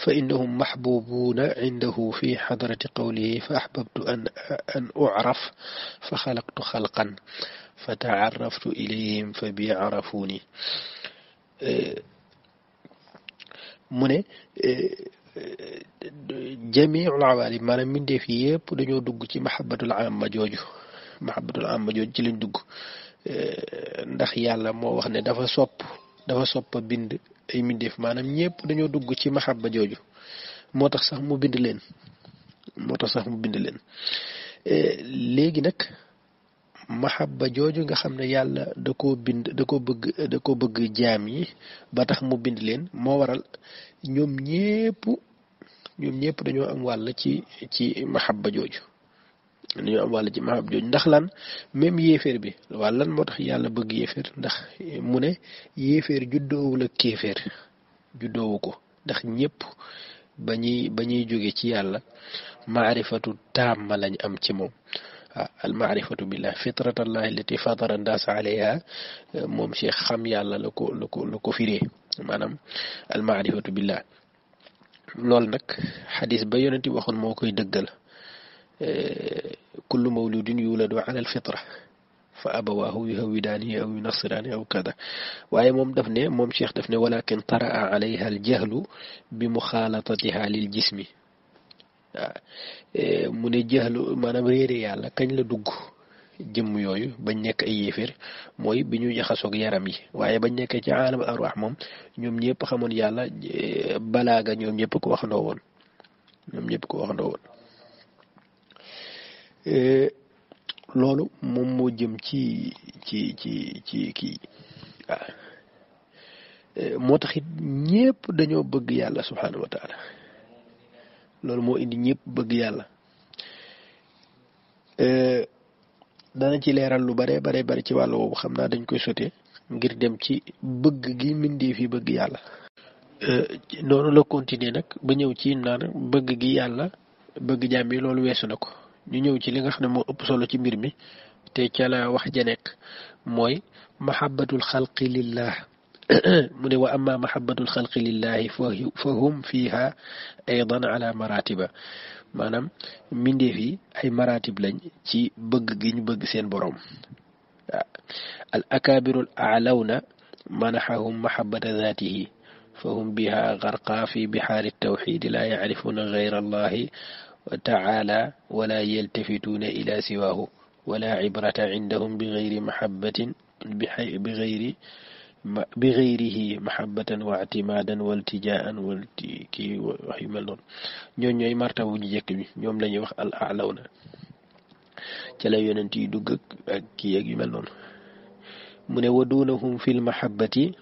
fa innahum maxbubuuna indahu fi xadrati qawlihi fa axbabtu an an ucraf fa xalaqtu xalqan fa tacaraftu ilayhim fa bi carafuni mu ne jamiul awalim maanaam mbindeef yépp dañoo dugg ci mahabbatul amma jooju mahabbatul amma jooju ci lañ dugg eh, ndax yàlla moo wax ne dafa sopp dafa sopp a bind ay mbindeef maanaam ñëpp dañoo dugg ci mahabba jooju moo tax sax mu bind leen moo sax mu bind leen eh, léegi nag mahabba jooju nga xam ne yàlla da ko bind da ko bëgg da koo bëgg jaam yi ba tax mu bind leen moo waral ñoom ñépp ñoom ñépp dañoo am wàll ci ci mahabba jooju ndax lan même yéeféer bi waa lan moo tax yàlla bëgg yéeféer ndax mu ne yéeféer juddoowul ak kéeféer juddoowu ko ndax ñépp ba ñuy jóge ci yàlla maarifatu taama lañ am ci moom waaw ah, al maarifatu billah fitratallahi allati fatara nnaasa alayha moom cheikh xam yàlla la ko la ko la ko firee maanaam al billah loolu nag xadis ba yonent bi moo koy dëggal Eh, kullu mawludin yuladu ala alfitra fa abawaahu yuhawidaani aw yunasiraani aw kada waaye moom daf ne moom cheikh daf ne walakin taraa alayha aljahlu bi muxaalatatiha lil jismi eh, mu ne jahlu maanaam réere yàlla kañ la dugg jëmm yooyu bañ nekk ay yéeféer mooy bi ñuy jaxasoog yaram yi waaye bañ nekkee ci aalam arwaax moom ñoom ñëpp xamoon yàlla eh, balaaga ñoom ñëpp ko wax woon ñëpp ko waxandoo woon Eh, loolu moom moo jëm ci ci ci ci kii ah. eh, moo tax it ñépp dañoo bëgg yàlla subhaanahu wa loolu moo indi ñépp bëgg yàlla eh, dana ci leeral lu bare bare bari ci wàll woowu xam naa dañ koy sotee ngir dem ci bëgg gi mbindee fi bëgg yàlla noonu la continuer nag ba ñëw ci naan bëgg gi yàlla bëgg jaam yi loolu weesu na ko ñu ñëw ci li nga xam ne moo ëpp solo ci mbir mi te ca la wax ja nekk mooy mahabbatul xalqi lillah mu ne wa amma mahabbatul xalqi lillahi fa hum fiha aydan ala maratiba maanaam mbindeef fi ay maratib lañ ci bëgg gi ñu bëgg seen borom al akabirul aalawna manahahum mahabbata zatihi فهم بها غرقى في بحار التوحيد la يعرفون غير الله وتعالى ولا يلتفتون إلى سواه ولا عبرة عندهم بغير محبة بغير بغيره محبة واعتمادا والتجاء والتكي وحملون نيوم نيوم مرتبو جيك بي لن يوخ الأعلون جلا يننتي دوغك كي يملون من ودونهم في المحبة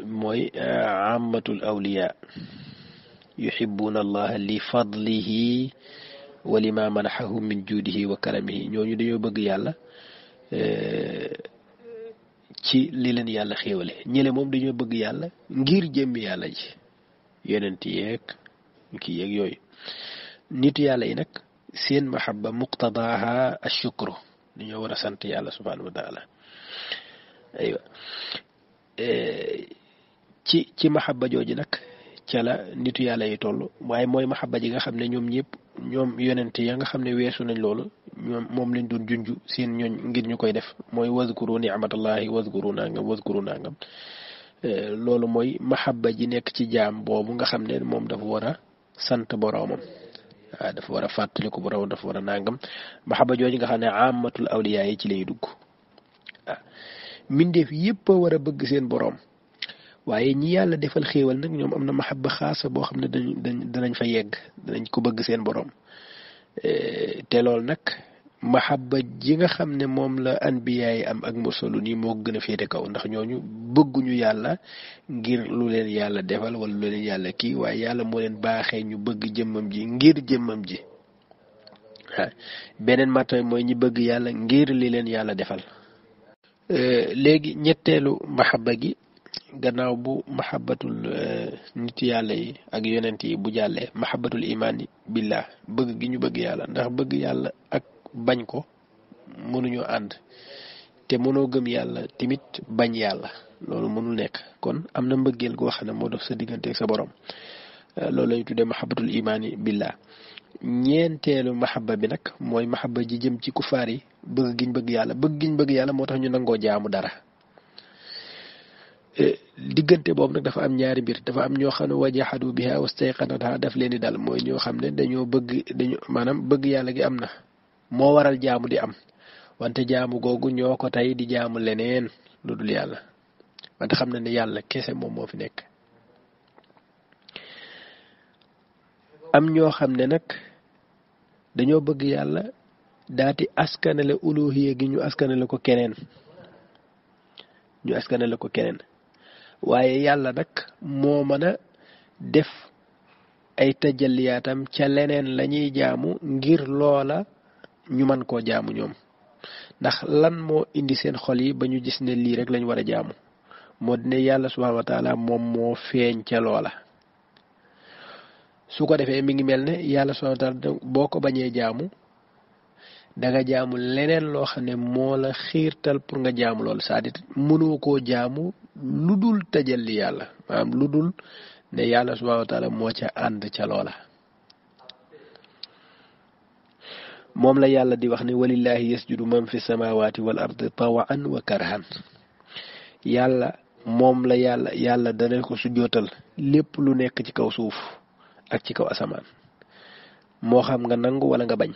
موي عامة الأولياء yuhibbuuna allaha li fadlihi wa lima manaxahu min juudihi wa karamihi ñooñu dañoo bëgg yàlla eh, ci li leen yàlla xéewale ñële moom dañoo bëgg yàlla ngir jëmmi yàlla ji yonent yeeg ki yeeg yooyu nitu yàlla yi nag seen mahabba dañoo war a sant yàlla subhanahu wa taala aywa eh, ci ci mahabba nag ca la nitu yàlla yi toll waaye mooy maxaba ji nga xam ne ñoom ñëpp ñoom yonent ya nga xam ne weesu nañ loolu ñoom moom lañ doon junj seen ñooñ ngir ñu koy def mooy wazkuru ni'matallahi wazkuru nangam wazkuru nangam eh, loolu mooy maxaba ji nekk ci jaam boobu nga xam ne moom dafa war a sant boroomam waaw ah, dafa war a fàttaliku boroomam dafa war a nangam maxaba jooju nga xam ne amatul awliyaa yi ci lay dugg waaw ah, mbindeef yëpp a war a bëgg seen boroom waaye ñi yàlla defal xéewal nag ñoom am na mahabba xaasa boo xam ne dañ dañ danañ fa yegg danañ ko bëgg seen borom eh, te loolu nag mahabba ji nga xam ne moom la anbiyaa yi am ak mursalun nii moo gën a féete kaw ndax ñooñu bëgguñu yàlla ngir lu leen yàlla defal wala yàlla kii waaye yàlla moo leen baaxee ñu bëgg jëmmam ji ngir jëmmam ji beneen mata mooy ñi bëgg yàlla ngir li leen yàlla defal eh, léegi ñetteelu mahabba gi gannaaw bu mahabbatul eh, nit yàlla yi ak yonent yi bu jàllee mahabbatul imaan yi billah bëgg gi ñu bëgg yàlla ndax bëgg yàlla ak bañ ko mënuñoo ànd te mënoo gëm yàlla tamit bañ yàlla loolu mënul nekk kon am na mbëggeel goo xam ne moo dox sa diggante ak sa borom eh, loolu lañu tuddee mahabbatul imaan yi billah ñeenteelu mahabba bi nag mooy mahabba ji jëm ci kufaar yi bëgg giñ bëgg yàlla bëgg giñ bëgg yàlla moo tax ñu nangoo jaamu dara Eh, diggante boobu nag dafa am ñaari mbir dafa am ñoo xam ne wajaxadu biha wastayqanatha daf leen di dal mooy ñoo xam ne dañoo bëgg dañu maanaam bëgg yàlla gi am na moo waral jaamu di am wante jaamu googu ñoo ko tey di jaamu leneen lu dul yàlla wante xam na ne yàlla kese moom moo fi nekk am ñoo xam ne nag dañoo bëgg yàlla daati askanale uluhiya gi ñu askanale ko keneen ñu askanale ko keneen waaye yàlla nag moo mën a def ay tëjaliyaatam ca leneen lañuy jaamu ngir loola ñu mën koo jaamu ñoom ndax lan moo indi seen xol yi ba ñu gis ne lii rek lañ war a jaamu moo dina yàlla subhaanahu wa moom moo feeñ ca loola su ko defee mi ngi mel ne yàlla subhaanahu wa boo ko bañee jaamu danga jaamu leneen loo xam ne moo la xiirtal pour nga jaamu loolu c'est-à-dire koo jaamu lu dul tajalli yàlla maanaam lu dul ne yàlla subhaanahu wa moo ca ànd ca loola moom la yàlla di wax ne walillaahi yasjudu man fi samaawaati wal ardi tawan wa karhan yàlla moom la yàlla yàlla dana ko sujjootal lépp lu nekk ci kaw suuf ak ci kaw asamaan moo xam nga nangu wala nga bañ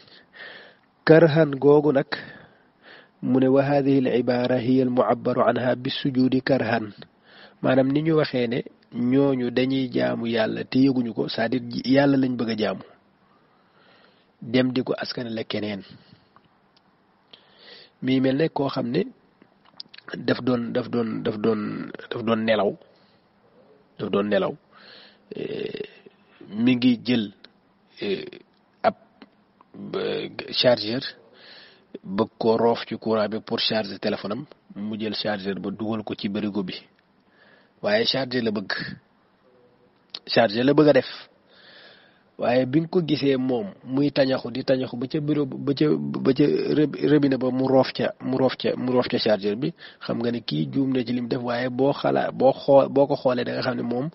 karhan googu nag mu ne wa hadihi al ibaara hiya al mu'abbaru anha bi sujudi karhan maanaam ni ñu waxee ne ñooñu dañuy jaamu yàlla te yëguñu ko cest à yàlla lañu bëgg a jaamu dem di ko askan la keneen mii mel ne koo xam ne daf doon daf doon daf doon daf doon nelaw daf doon nelaw mi ngi jël ab chargeur bëgg koo roof ci courant bi pour charger téléphone mu jël chargeur ba dugal ko ci barigo bi waaye charger la bëgg charger la bëgg a def waaye bi nga ko gisee moom muy tañaxu di tañaxu ba ca bureau ba ca ba ca robinet ba mu roof ca mu roof ca mu roof ca chargeur bi xam nga ne kii juum na ci lim def waaye boo xalaa boo xoo boo ko xoolee da xam ne moom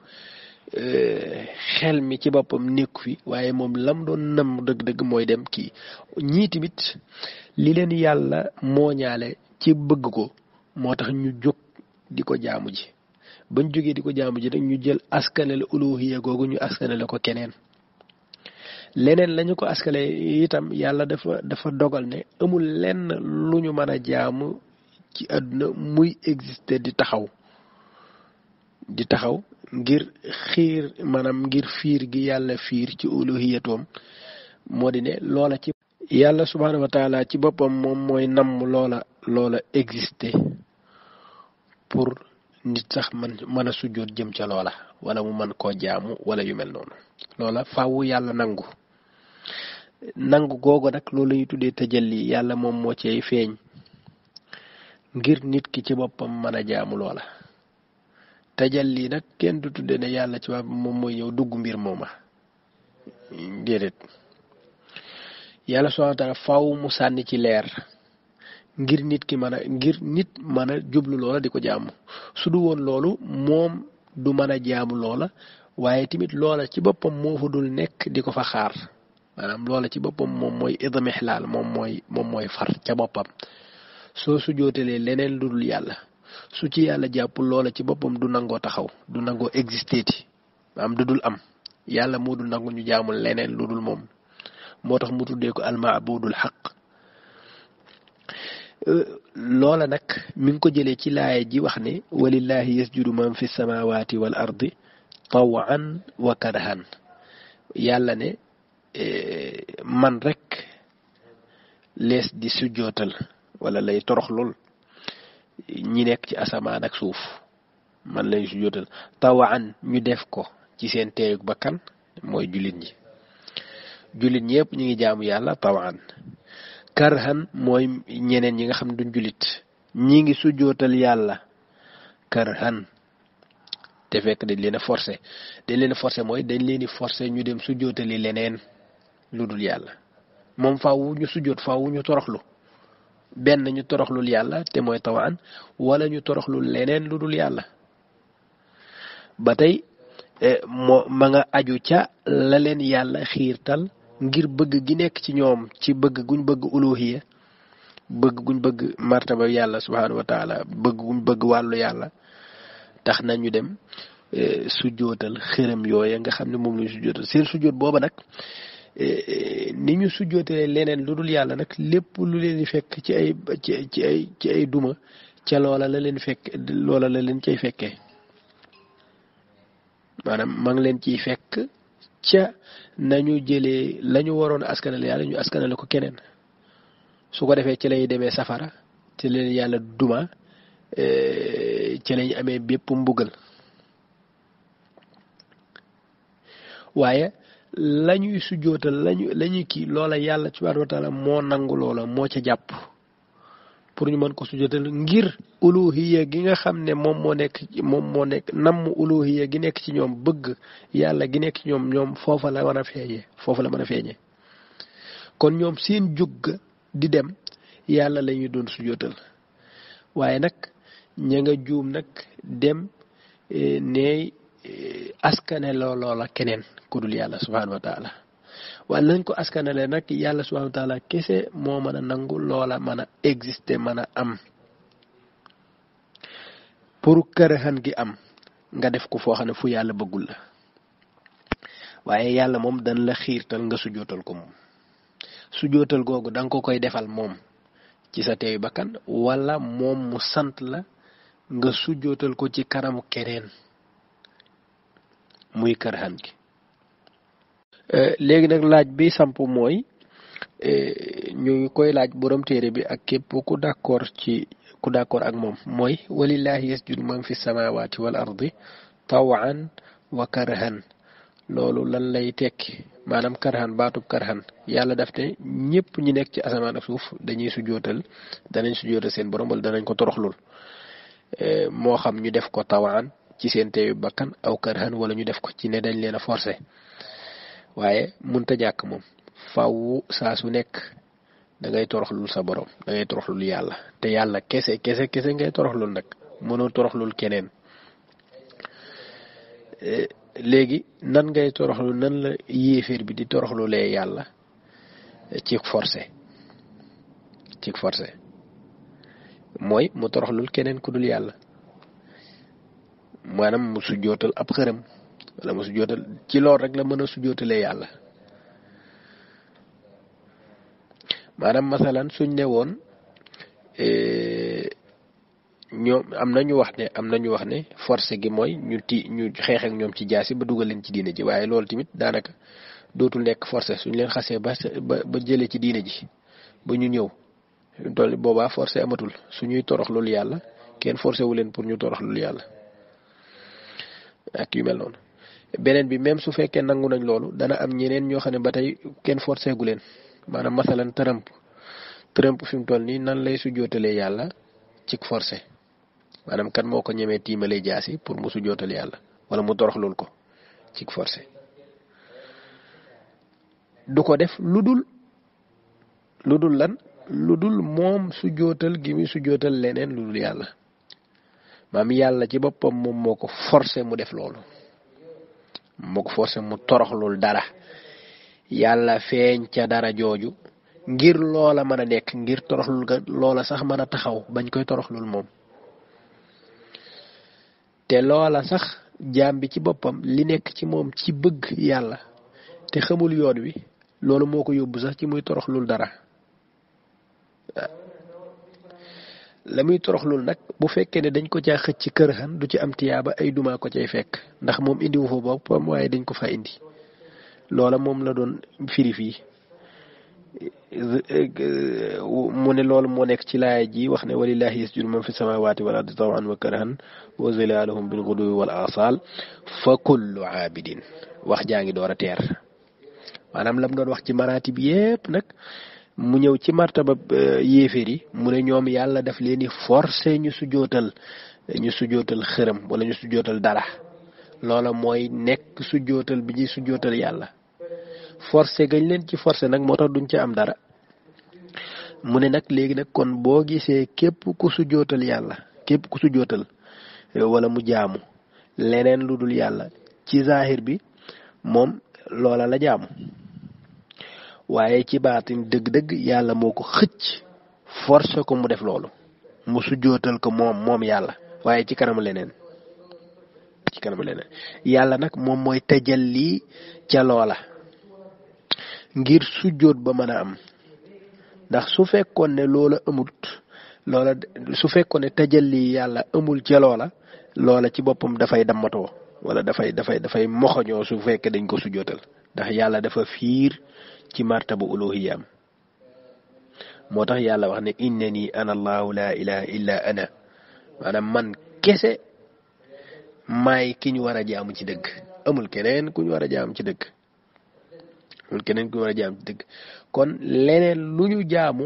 euh, xel mi ci boppam nekku fi waaye moom lam doon nam dëgg-dëgg mooy dem kii ñii li leen yàlla mooñaale ci bëgg ko moo tax ñu jóg di ko jaamu ji bañ jógee di ko jaamu ji rek ñu jël askanale uluhiya googu ñu askanale ko keneen leneen lañu ko askale itam yàlla dafa dafa dogal ne amul lenn lu ñu mën a jaamu ci àdduna muy exister di taxaw di taxaw ngir xiir maanaam ngir fiir gi yàlla fiir ci uluhiyatoom moo di ne loola ci yàlla subhaanahu wa taala ci boppam moom mooy namm loola loola existé pour nit sax man mën a sujjóot jëm ca loola wala mu mën koo jaamu wala yu mel noonu loola faawu yàlla nangu nangu googu nag loolu ñu tuddee tëjalli yàlla moom moo cay feeñ ngir nit ki ci boppam mën a jaamu loola tëjalli nag kenn du tuddee ne yàlla ci boppam moom mooy ñëw dugg mbir mooma déedéet yàlla subhaanahu wa taala faaw mu sànni ci leer ngir nit ki mën ngir nit mën a jublu loola di ko jaamu su du woon loolu moom du mën a jaamu loola waaye tamit loola ci boppam moo dul nekk di ko fa xaar loola ci boppam moom mooy idmixlaal moom mooy moom mooy far ca boppam soo su jootelee leneen lu dul yàlla su ci yàlla jàpp loola ci boppam du nangoo taxaw du nangoo existeeti maanaam du dul am yàlla moo dul nangu ñu jaamul leneen lu dul moom moo tax mu tuddee ko almaabudul xaq euh, loola nag mi ngi ko jëlee ci laaya ji wax ne walillahi yasjudu man fi samawati wal ardi tawan wa karahan yàlla ne euh, man rek lees di sujjootal wala lay torox lool ñi nekk ci asamaan ak suuf man lay sujjootal tawan ñu def ko ci seen teeyug bakkan mooy jullit yi julit ñepp ñi ngi jaamu yalla tawan karhan moy ñeneen ñi nga xam duñ julit ñi ngi sujootal yalla karhan te fekk dañ leen forcer dañ leen forcer moy dañ leen forcer ñu dem sujjootali leneen lu yalla mom moom faawu ñu sujoot faawu ñu toroxlu ben ñu toroxlu yalla te moy tawaan wala ñu toroxlu leneen lu yalla batay e, eh, mo ma nga aju ca la len yalla xirtal ngir bëgg gi nekk ci ñoom ci bëgg guñ bëgg uluhiya bëgg guñ bëgg martaba yàlla subhaanahu wa taala bëgg guñ bëgg wàllu yàlla tax na ñu dem eh, sujjootal xërëm yooya nga xam ne moom lañu sujjootal seen sujjoot booba nag eh, eh, ni ñu sujjootalee leneen lu dul yàlla nag lépp lu leen di fekk ci ay ci ay ci ay duma ca loola la leen fekk loola la leen cay fekkee maanaam ma leen ciy fekk ca nañu jële lañu waroon askanale yàlla ñu askanale ko keneen su ko defee ci lay demee safara ci leen yàlla duma e, ci lañ amee bépp mbugal waaye lañuy sujjootal lañu lañuy kii loola yàlla subhaanahu wa taala moo nangu loola moo ca jàpp pour ñu mën ko sujootal ngir uluhiya gi nga xam ne moom moo nekk moom moo nekk namm uluhiya gi nekk ci ñoom bëgg yàlla gi nekk ci ñoom ñoom foofa la mën a feeñee foofa la man a feeñe kon ñoom seen jug di dem yàlla lañuy ñuy doon sujootal waaye nag ña nga juum nag dem eh, neey eh, askane looloola keneen ku dul yàlla subhanahu wa waaye lañ ko askanale nag yàlla subhanahu wa taala kese moo mën a nangu loola mën a exister mën a am pour kërëxan gi am nga def ko foo xam ne fu yàlla bëggul la waaye yàlla moom dañ la xiirtal nga sujootal ko moom sujootal googu da nga ko koy defal moom ci sa teewi bakkan wala moom mu sant la nga sujootal ko ci kanamu keneen muy kërëxan gi Eh, léegi nag laaj bi samp mooy eh, ñu ngi koy laaj borom téere bi ak képp ku d'accord ci ku d'accord ak moom mooy walillahi yasjudu man fi samawati wal ardi tawan wa karhan loolu lan lay tekki maanaam karhan baatub karhan yàlla daf ne ñëpp ñu nekk ci asamaan ak suuf dañuy sujootal danañ sujootal seen borom wala danañ ko toroxlul eh, moo xam ñu def ko tawan ci seen teewi bakkan aw karhan wala ñu def ko ci ne dañ leen a forcé waaye munta jàkk moom faw saa su nekk dangay ngay toroxlul sa borom da ngay toroxlul yàlla te yàlla kese kese kese ngay toroxlul nag mënoo toroxlul keneen eh, léegi nan ngay toroxlu nan la yéeféer bi di toroxlulee yàlla ci forcé ci mooy mu toroxlul keneen ku dul yàlla maanaam mu sujjootal ab xërëm wala mu jotal ci lool rek la mëna su jotale yalla manam masalan suñ newon euh ñoom am ñu wax ne amna ñu wax ne forcé gi moy ñu ti ñu xex ak ñom ci jasi ba duggal leen ci diine ji waye lool timit danaka dootul nek forcé suñ leen xasse ba ba ba ci diine ji ba ñu ñew toll boba forcé amatul suñuy torox lool yalla kenn forcé wu leen pour ñu torox lool yalla ak yu mel non beneen bi même su fekkee nangu nañ loolu dana am ñeneen ñoo xam ne ba tey kenn forcé gu leen maanaam masalan Trump Trump fi mu toll nii nan lay sujjootalee yàlla ci forcé maanaam kan moo ko ñemee tiimalee jaasi pour mu sujjootal yàlla wala mu toroxlul ko ci forcé du ko def lu dul lu dul lan lu dul moom sujjootal gi muy sujjootal leneen lu dul yàlla maam yàlla ci boppam moom moo ko forcé mu def loolu mu ko forcé mu toroxlul dara yàlla feeñ ca dara jooju ngir loola mën a nekk ngir toroxlul ga loola sax mën a taxaw bañ koy toroxlul moom te loola sax jaam bi ci boppam li nekk ci moom ci bëgg yàlla te xëmul yoon wi loolu moo ko yóbbu sax ci muy toroxlul dara la muy toroxlul nag bu fekkee ne dañ ko caa xëcc ci kër xan du ci am tiyaaba ay duma ko cay fekk ndax moom indiwu fa boppam waaye dañ ko fa indi loola moom la doon firi fii mu ne lool moo nekk ci laaya ji wax ne walillahi yasjudu man fi samawaati wal ardi tawan wa karahan wa zilaaluhum bil guduwi wal asal fa kullu aabidin wax jaa ngi door a teer maanaam lam doon wax ci maraati bi yépp nag mu ñëw ci martaba euh, yéeféer yi mu ne ñoom yàlla daf leen di forcé ñu sujootal ñu sujootal xërëm walla ñu sujootal dara loola mooy nekk sujootal bi ñuy sujootal yàlla forcé gañ leen ci forcé nag moo tax duñ ci am dara mu ne nag léegi nag kon boo gisee képp ku sujootal yàlla képp ku sujootal euh, wala mu jaamu leneen lu dul yàlla ci zahir bi moom loola la jaamu waaye ci baatin dëgg-dëgg yàlla moo ko xëcc force ko mu def loolu mu sujjootal ko moom moom yàlla waaye ci kanamu leneen ci kanam leneen yàlla nag moom mooy tëjal lii ca loola ngir sujjoot ba mën a am ndax su fekkoon ne loola amut loola su fekkoon ne tëjal lii yàlla amul ca loola loola ci boppam dafay dammatoo wala dafay dafay dafay moxoñoo su fekkee dañ ko sujjootal ndax yàlla dafa fiir ci martaba uluhiyaam moo tax yàlla wax ne innani ana allahu laa ilaha illa ana maanaam man kese maay ki ñu war a jaamu ci dëgg amul keneen ku ñu war a jaamu ci dëgg amul keneen war a jaamu dëgg kon leneen lu ñu jaamu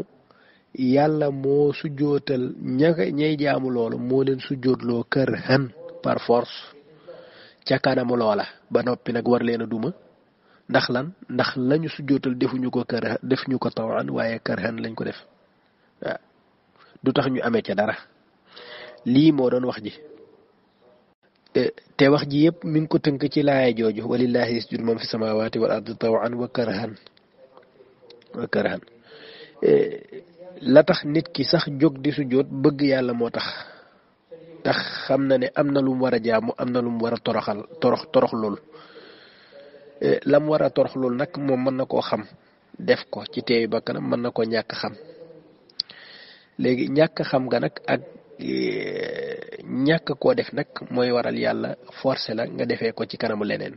yàlla moo sujjootal ña ñay jaamu loolu moo leen sujjootloo kër xan par force ca kanamu loola ba noppi nag war leen a duma ndax lan ndax lañu sujjootal defuñu ko kër defuñu ko tawan waaye kërhan lañ ko def du tax ñu amee ca dara lii moo doon wax ji te wax ji yépp mu ngi ko tënk ci laaya jooju walillahi yasjudu man fi samawaati wal ardi tawan wa kërhan wa e, la tax nit ki sax jóg di sujjoot bëgg yàlla moo tax tax xam na ne am na lu mu war a jaamu am na lu mu war a toroxal torox torox lool Eh, lam war a toroxlul nag moom mën na koo xam def ko ci teeyu kanam mën na ko ñàkk xam léegi ñàkk xam nga nag ak eh, ñàkk koo def nag mooy waral yàlla force la nga defee ko ci kanamu leneen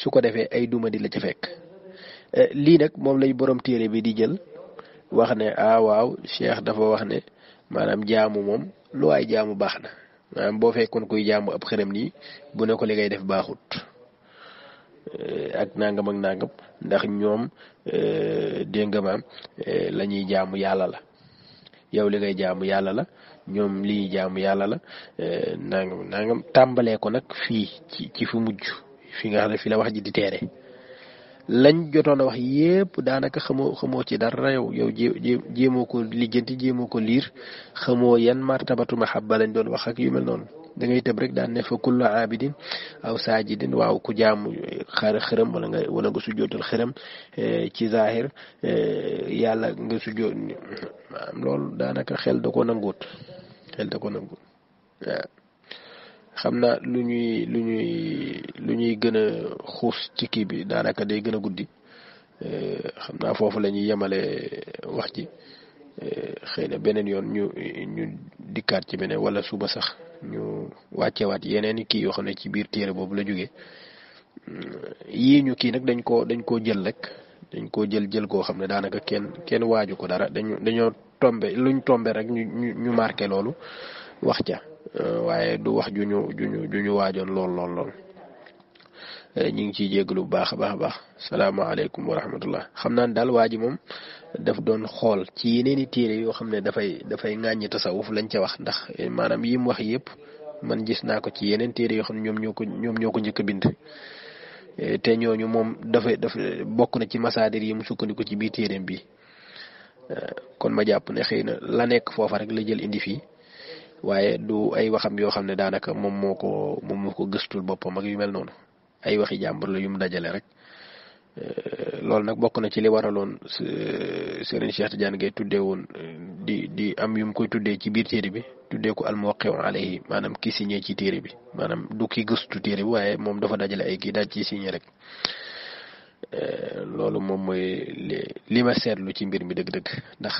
su ko defee ay duma di la ca fekk eh, lii nag moom lay borom téere bi di jël wax ne ah waaw dafa wax ne maanaam jaamu moom lu waay jaamu baax na maanaam boo fekkoon kuy jaamu ab xërëm nii bu ne ko li ngay def baaxut Eh, ak nangam ak nangam ndax ñoom eh, dégg nga maam eh, la ñuy jaamu yàlla la yow li ngay jaamu yàlla la ñoom li ñuy jaamu yàlla la nangam nangam tàmbalee ko nag fii ci ci fi mujj fi nga xam ne fi la wax ji di teere lañ jotoon a wax yépp daanaka xamo xamoo ci dara yow yow jéemoo ko lijjanti jéemoo ko liir xamoo yan martabatu mahabba balañ doon wax ak yu mel noonu dangay ngay tëb rek daan ne fa kullu aabidin aw saajidin waaw ku jaamu xar xërëm wala nga wala nga sujjootal xërëm eh, ci zaahir eh, yàlla nga sujjoot lool daanaka xel da ko nanguut ko nanguut xam na lu ñuy lu ñuy lu ñuy gën a xuus ci kii bi daanaka day gën a guddi eh, xam naa foofu lañuy yemale wax ji xëy na beneen yoon ñu ñu dikkaat ci beneen wala suba sax ñu wàccewaat yeneen i kii yoo xam ne ci biir téere boobu la jóge yii ñu kii nag dañ ko dañ koo jël rek dañ koo jël jël koo xam ne daanaka kenn kenn waaju ko dara dañu dañoo tombe luñ tombe rek ñu ñu ñu marqué loolu wax ca waaye du wax ju ñu ju ñu ju ñu waajoon lool lool lool. ñu ngi ciy jégalu bu baax a baax a baax salaamaaleykum wa rahmatullah xam naa ne daal waa ji moom daf doon xool ci yeneen i téere yoo xam ne dafay dafay ŋàññi tasawuf lañ ca wax ndax eh, maanaam yim wax yépp man gis naa ko ci yeneen téere yoo xam ne ñoom ñoo ko ñoom ñoo ko njëkk a bind. Eh, te ñooñu moom dafay daf bokk na ci masaadir yi mu sukkandiku ci biir téereem bi eh, kon ma jàpp ne xëy na la nekk foofa rek la jël indi fii. waaye du ay waxam yoo xam ne daanaka moom moo ko moom moo ko gëstul boppam ak yu mel noonu ay waxi jàmbur la yum dajale rek lool nak bokku na ci li waralon Serigne Cheikh Tidiane gay tuddé won di di am yum koy tuddé ci biir téré bi tuddé ko al almuwaqiu alayhi manam ki signé ci téré bi manam du ki gëstu téré bi waye mom dafa dajale ay ki daj ci signé rek loolu mom moy li ma sétlu ci mbir mi deug deug ndax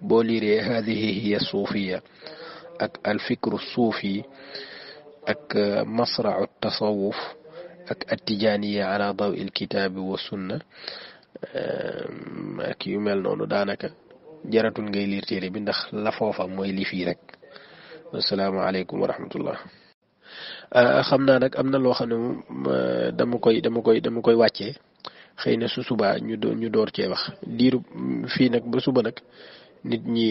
bo liré hadhihi hiya sufiyya ak al alfikru sufi ak masrau at tasawuf ak attijaaniya ala daw il kitaabi wa sunna ak yu mel noonu daanaka jaratul ngay liir téere bi ndax la foofa mooy li fii rek asalaamaaleykum wa rahmatullah xam naa nag am na loo xam ne dama koy dama koy dama koy wàccee xëy na su subaa ñu ñu door cee wax diiru fii nag ba suba nag nit ñi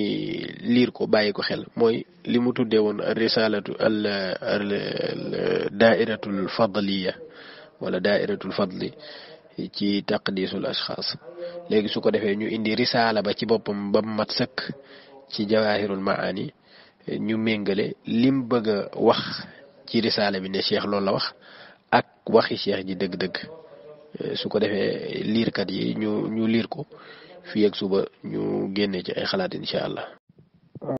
liir ko bàyyi ko xel mooy li mu tuddee woon risalatu al daairatul fadliya wala daairatul fadli ci taqdisul ashxaas léegi su ko defee ñu indi risaala ba ci boppam ba mat sëkk ci jawaahirul maani ñu méngale lim bëgg a wax ci risaala bi ne cheikh loolu la wax ak waxi cheikh ji dëgg-dëgg su ko defee liirkat yi ñu ñu liir ko fii ak suba ñu génne ci ay xalaat incha allah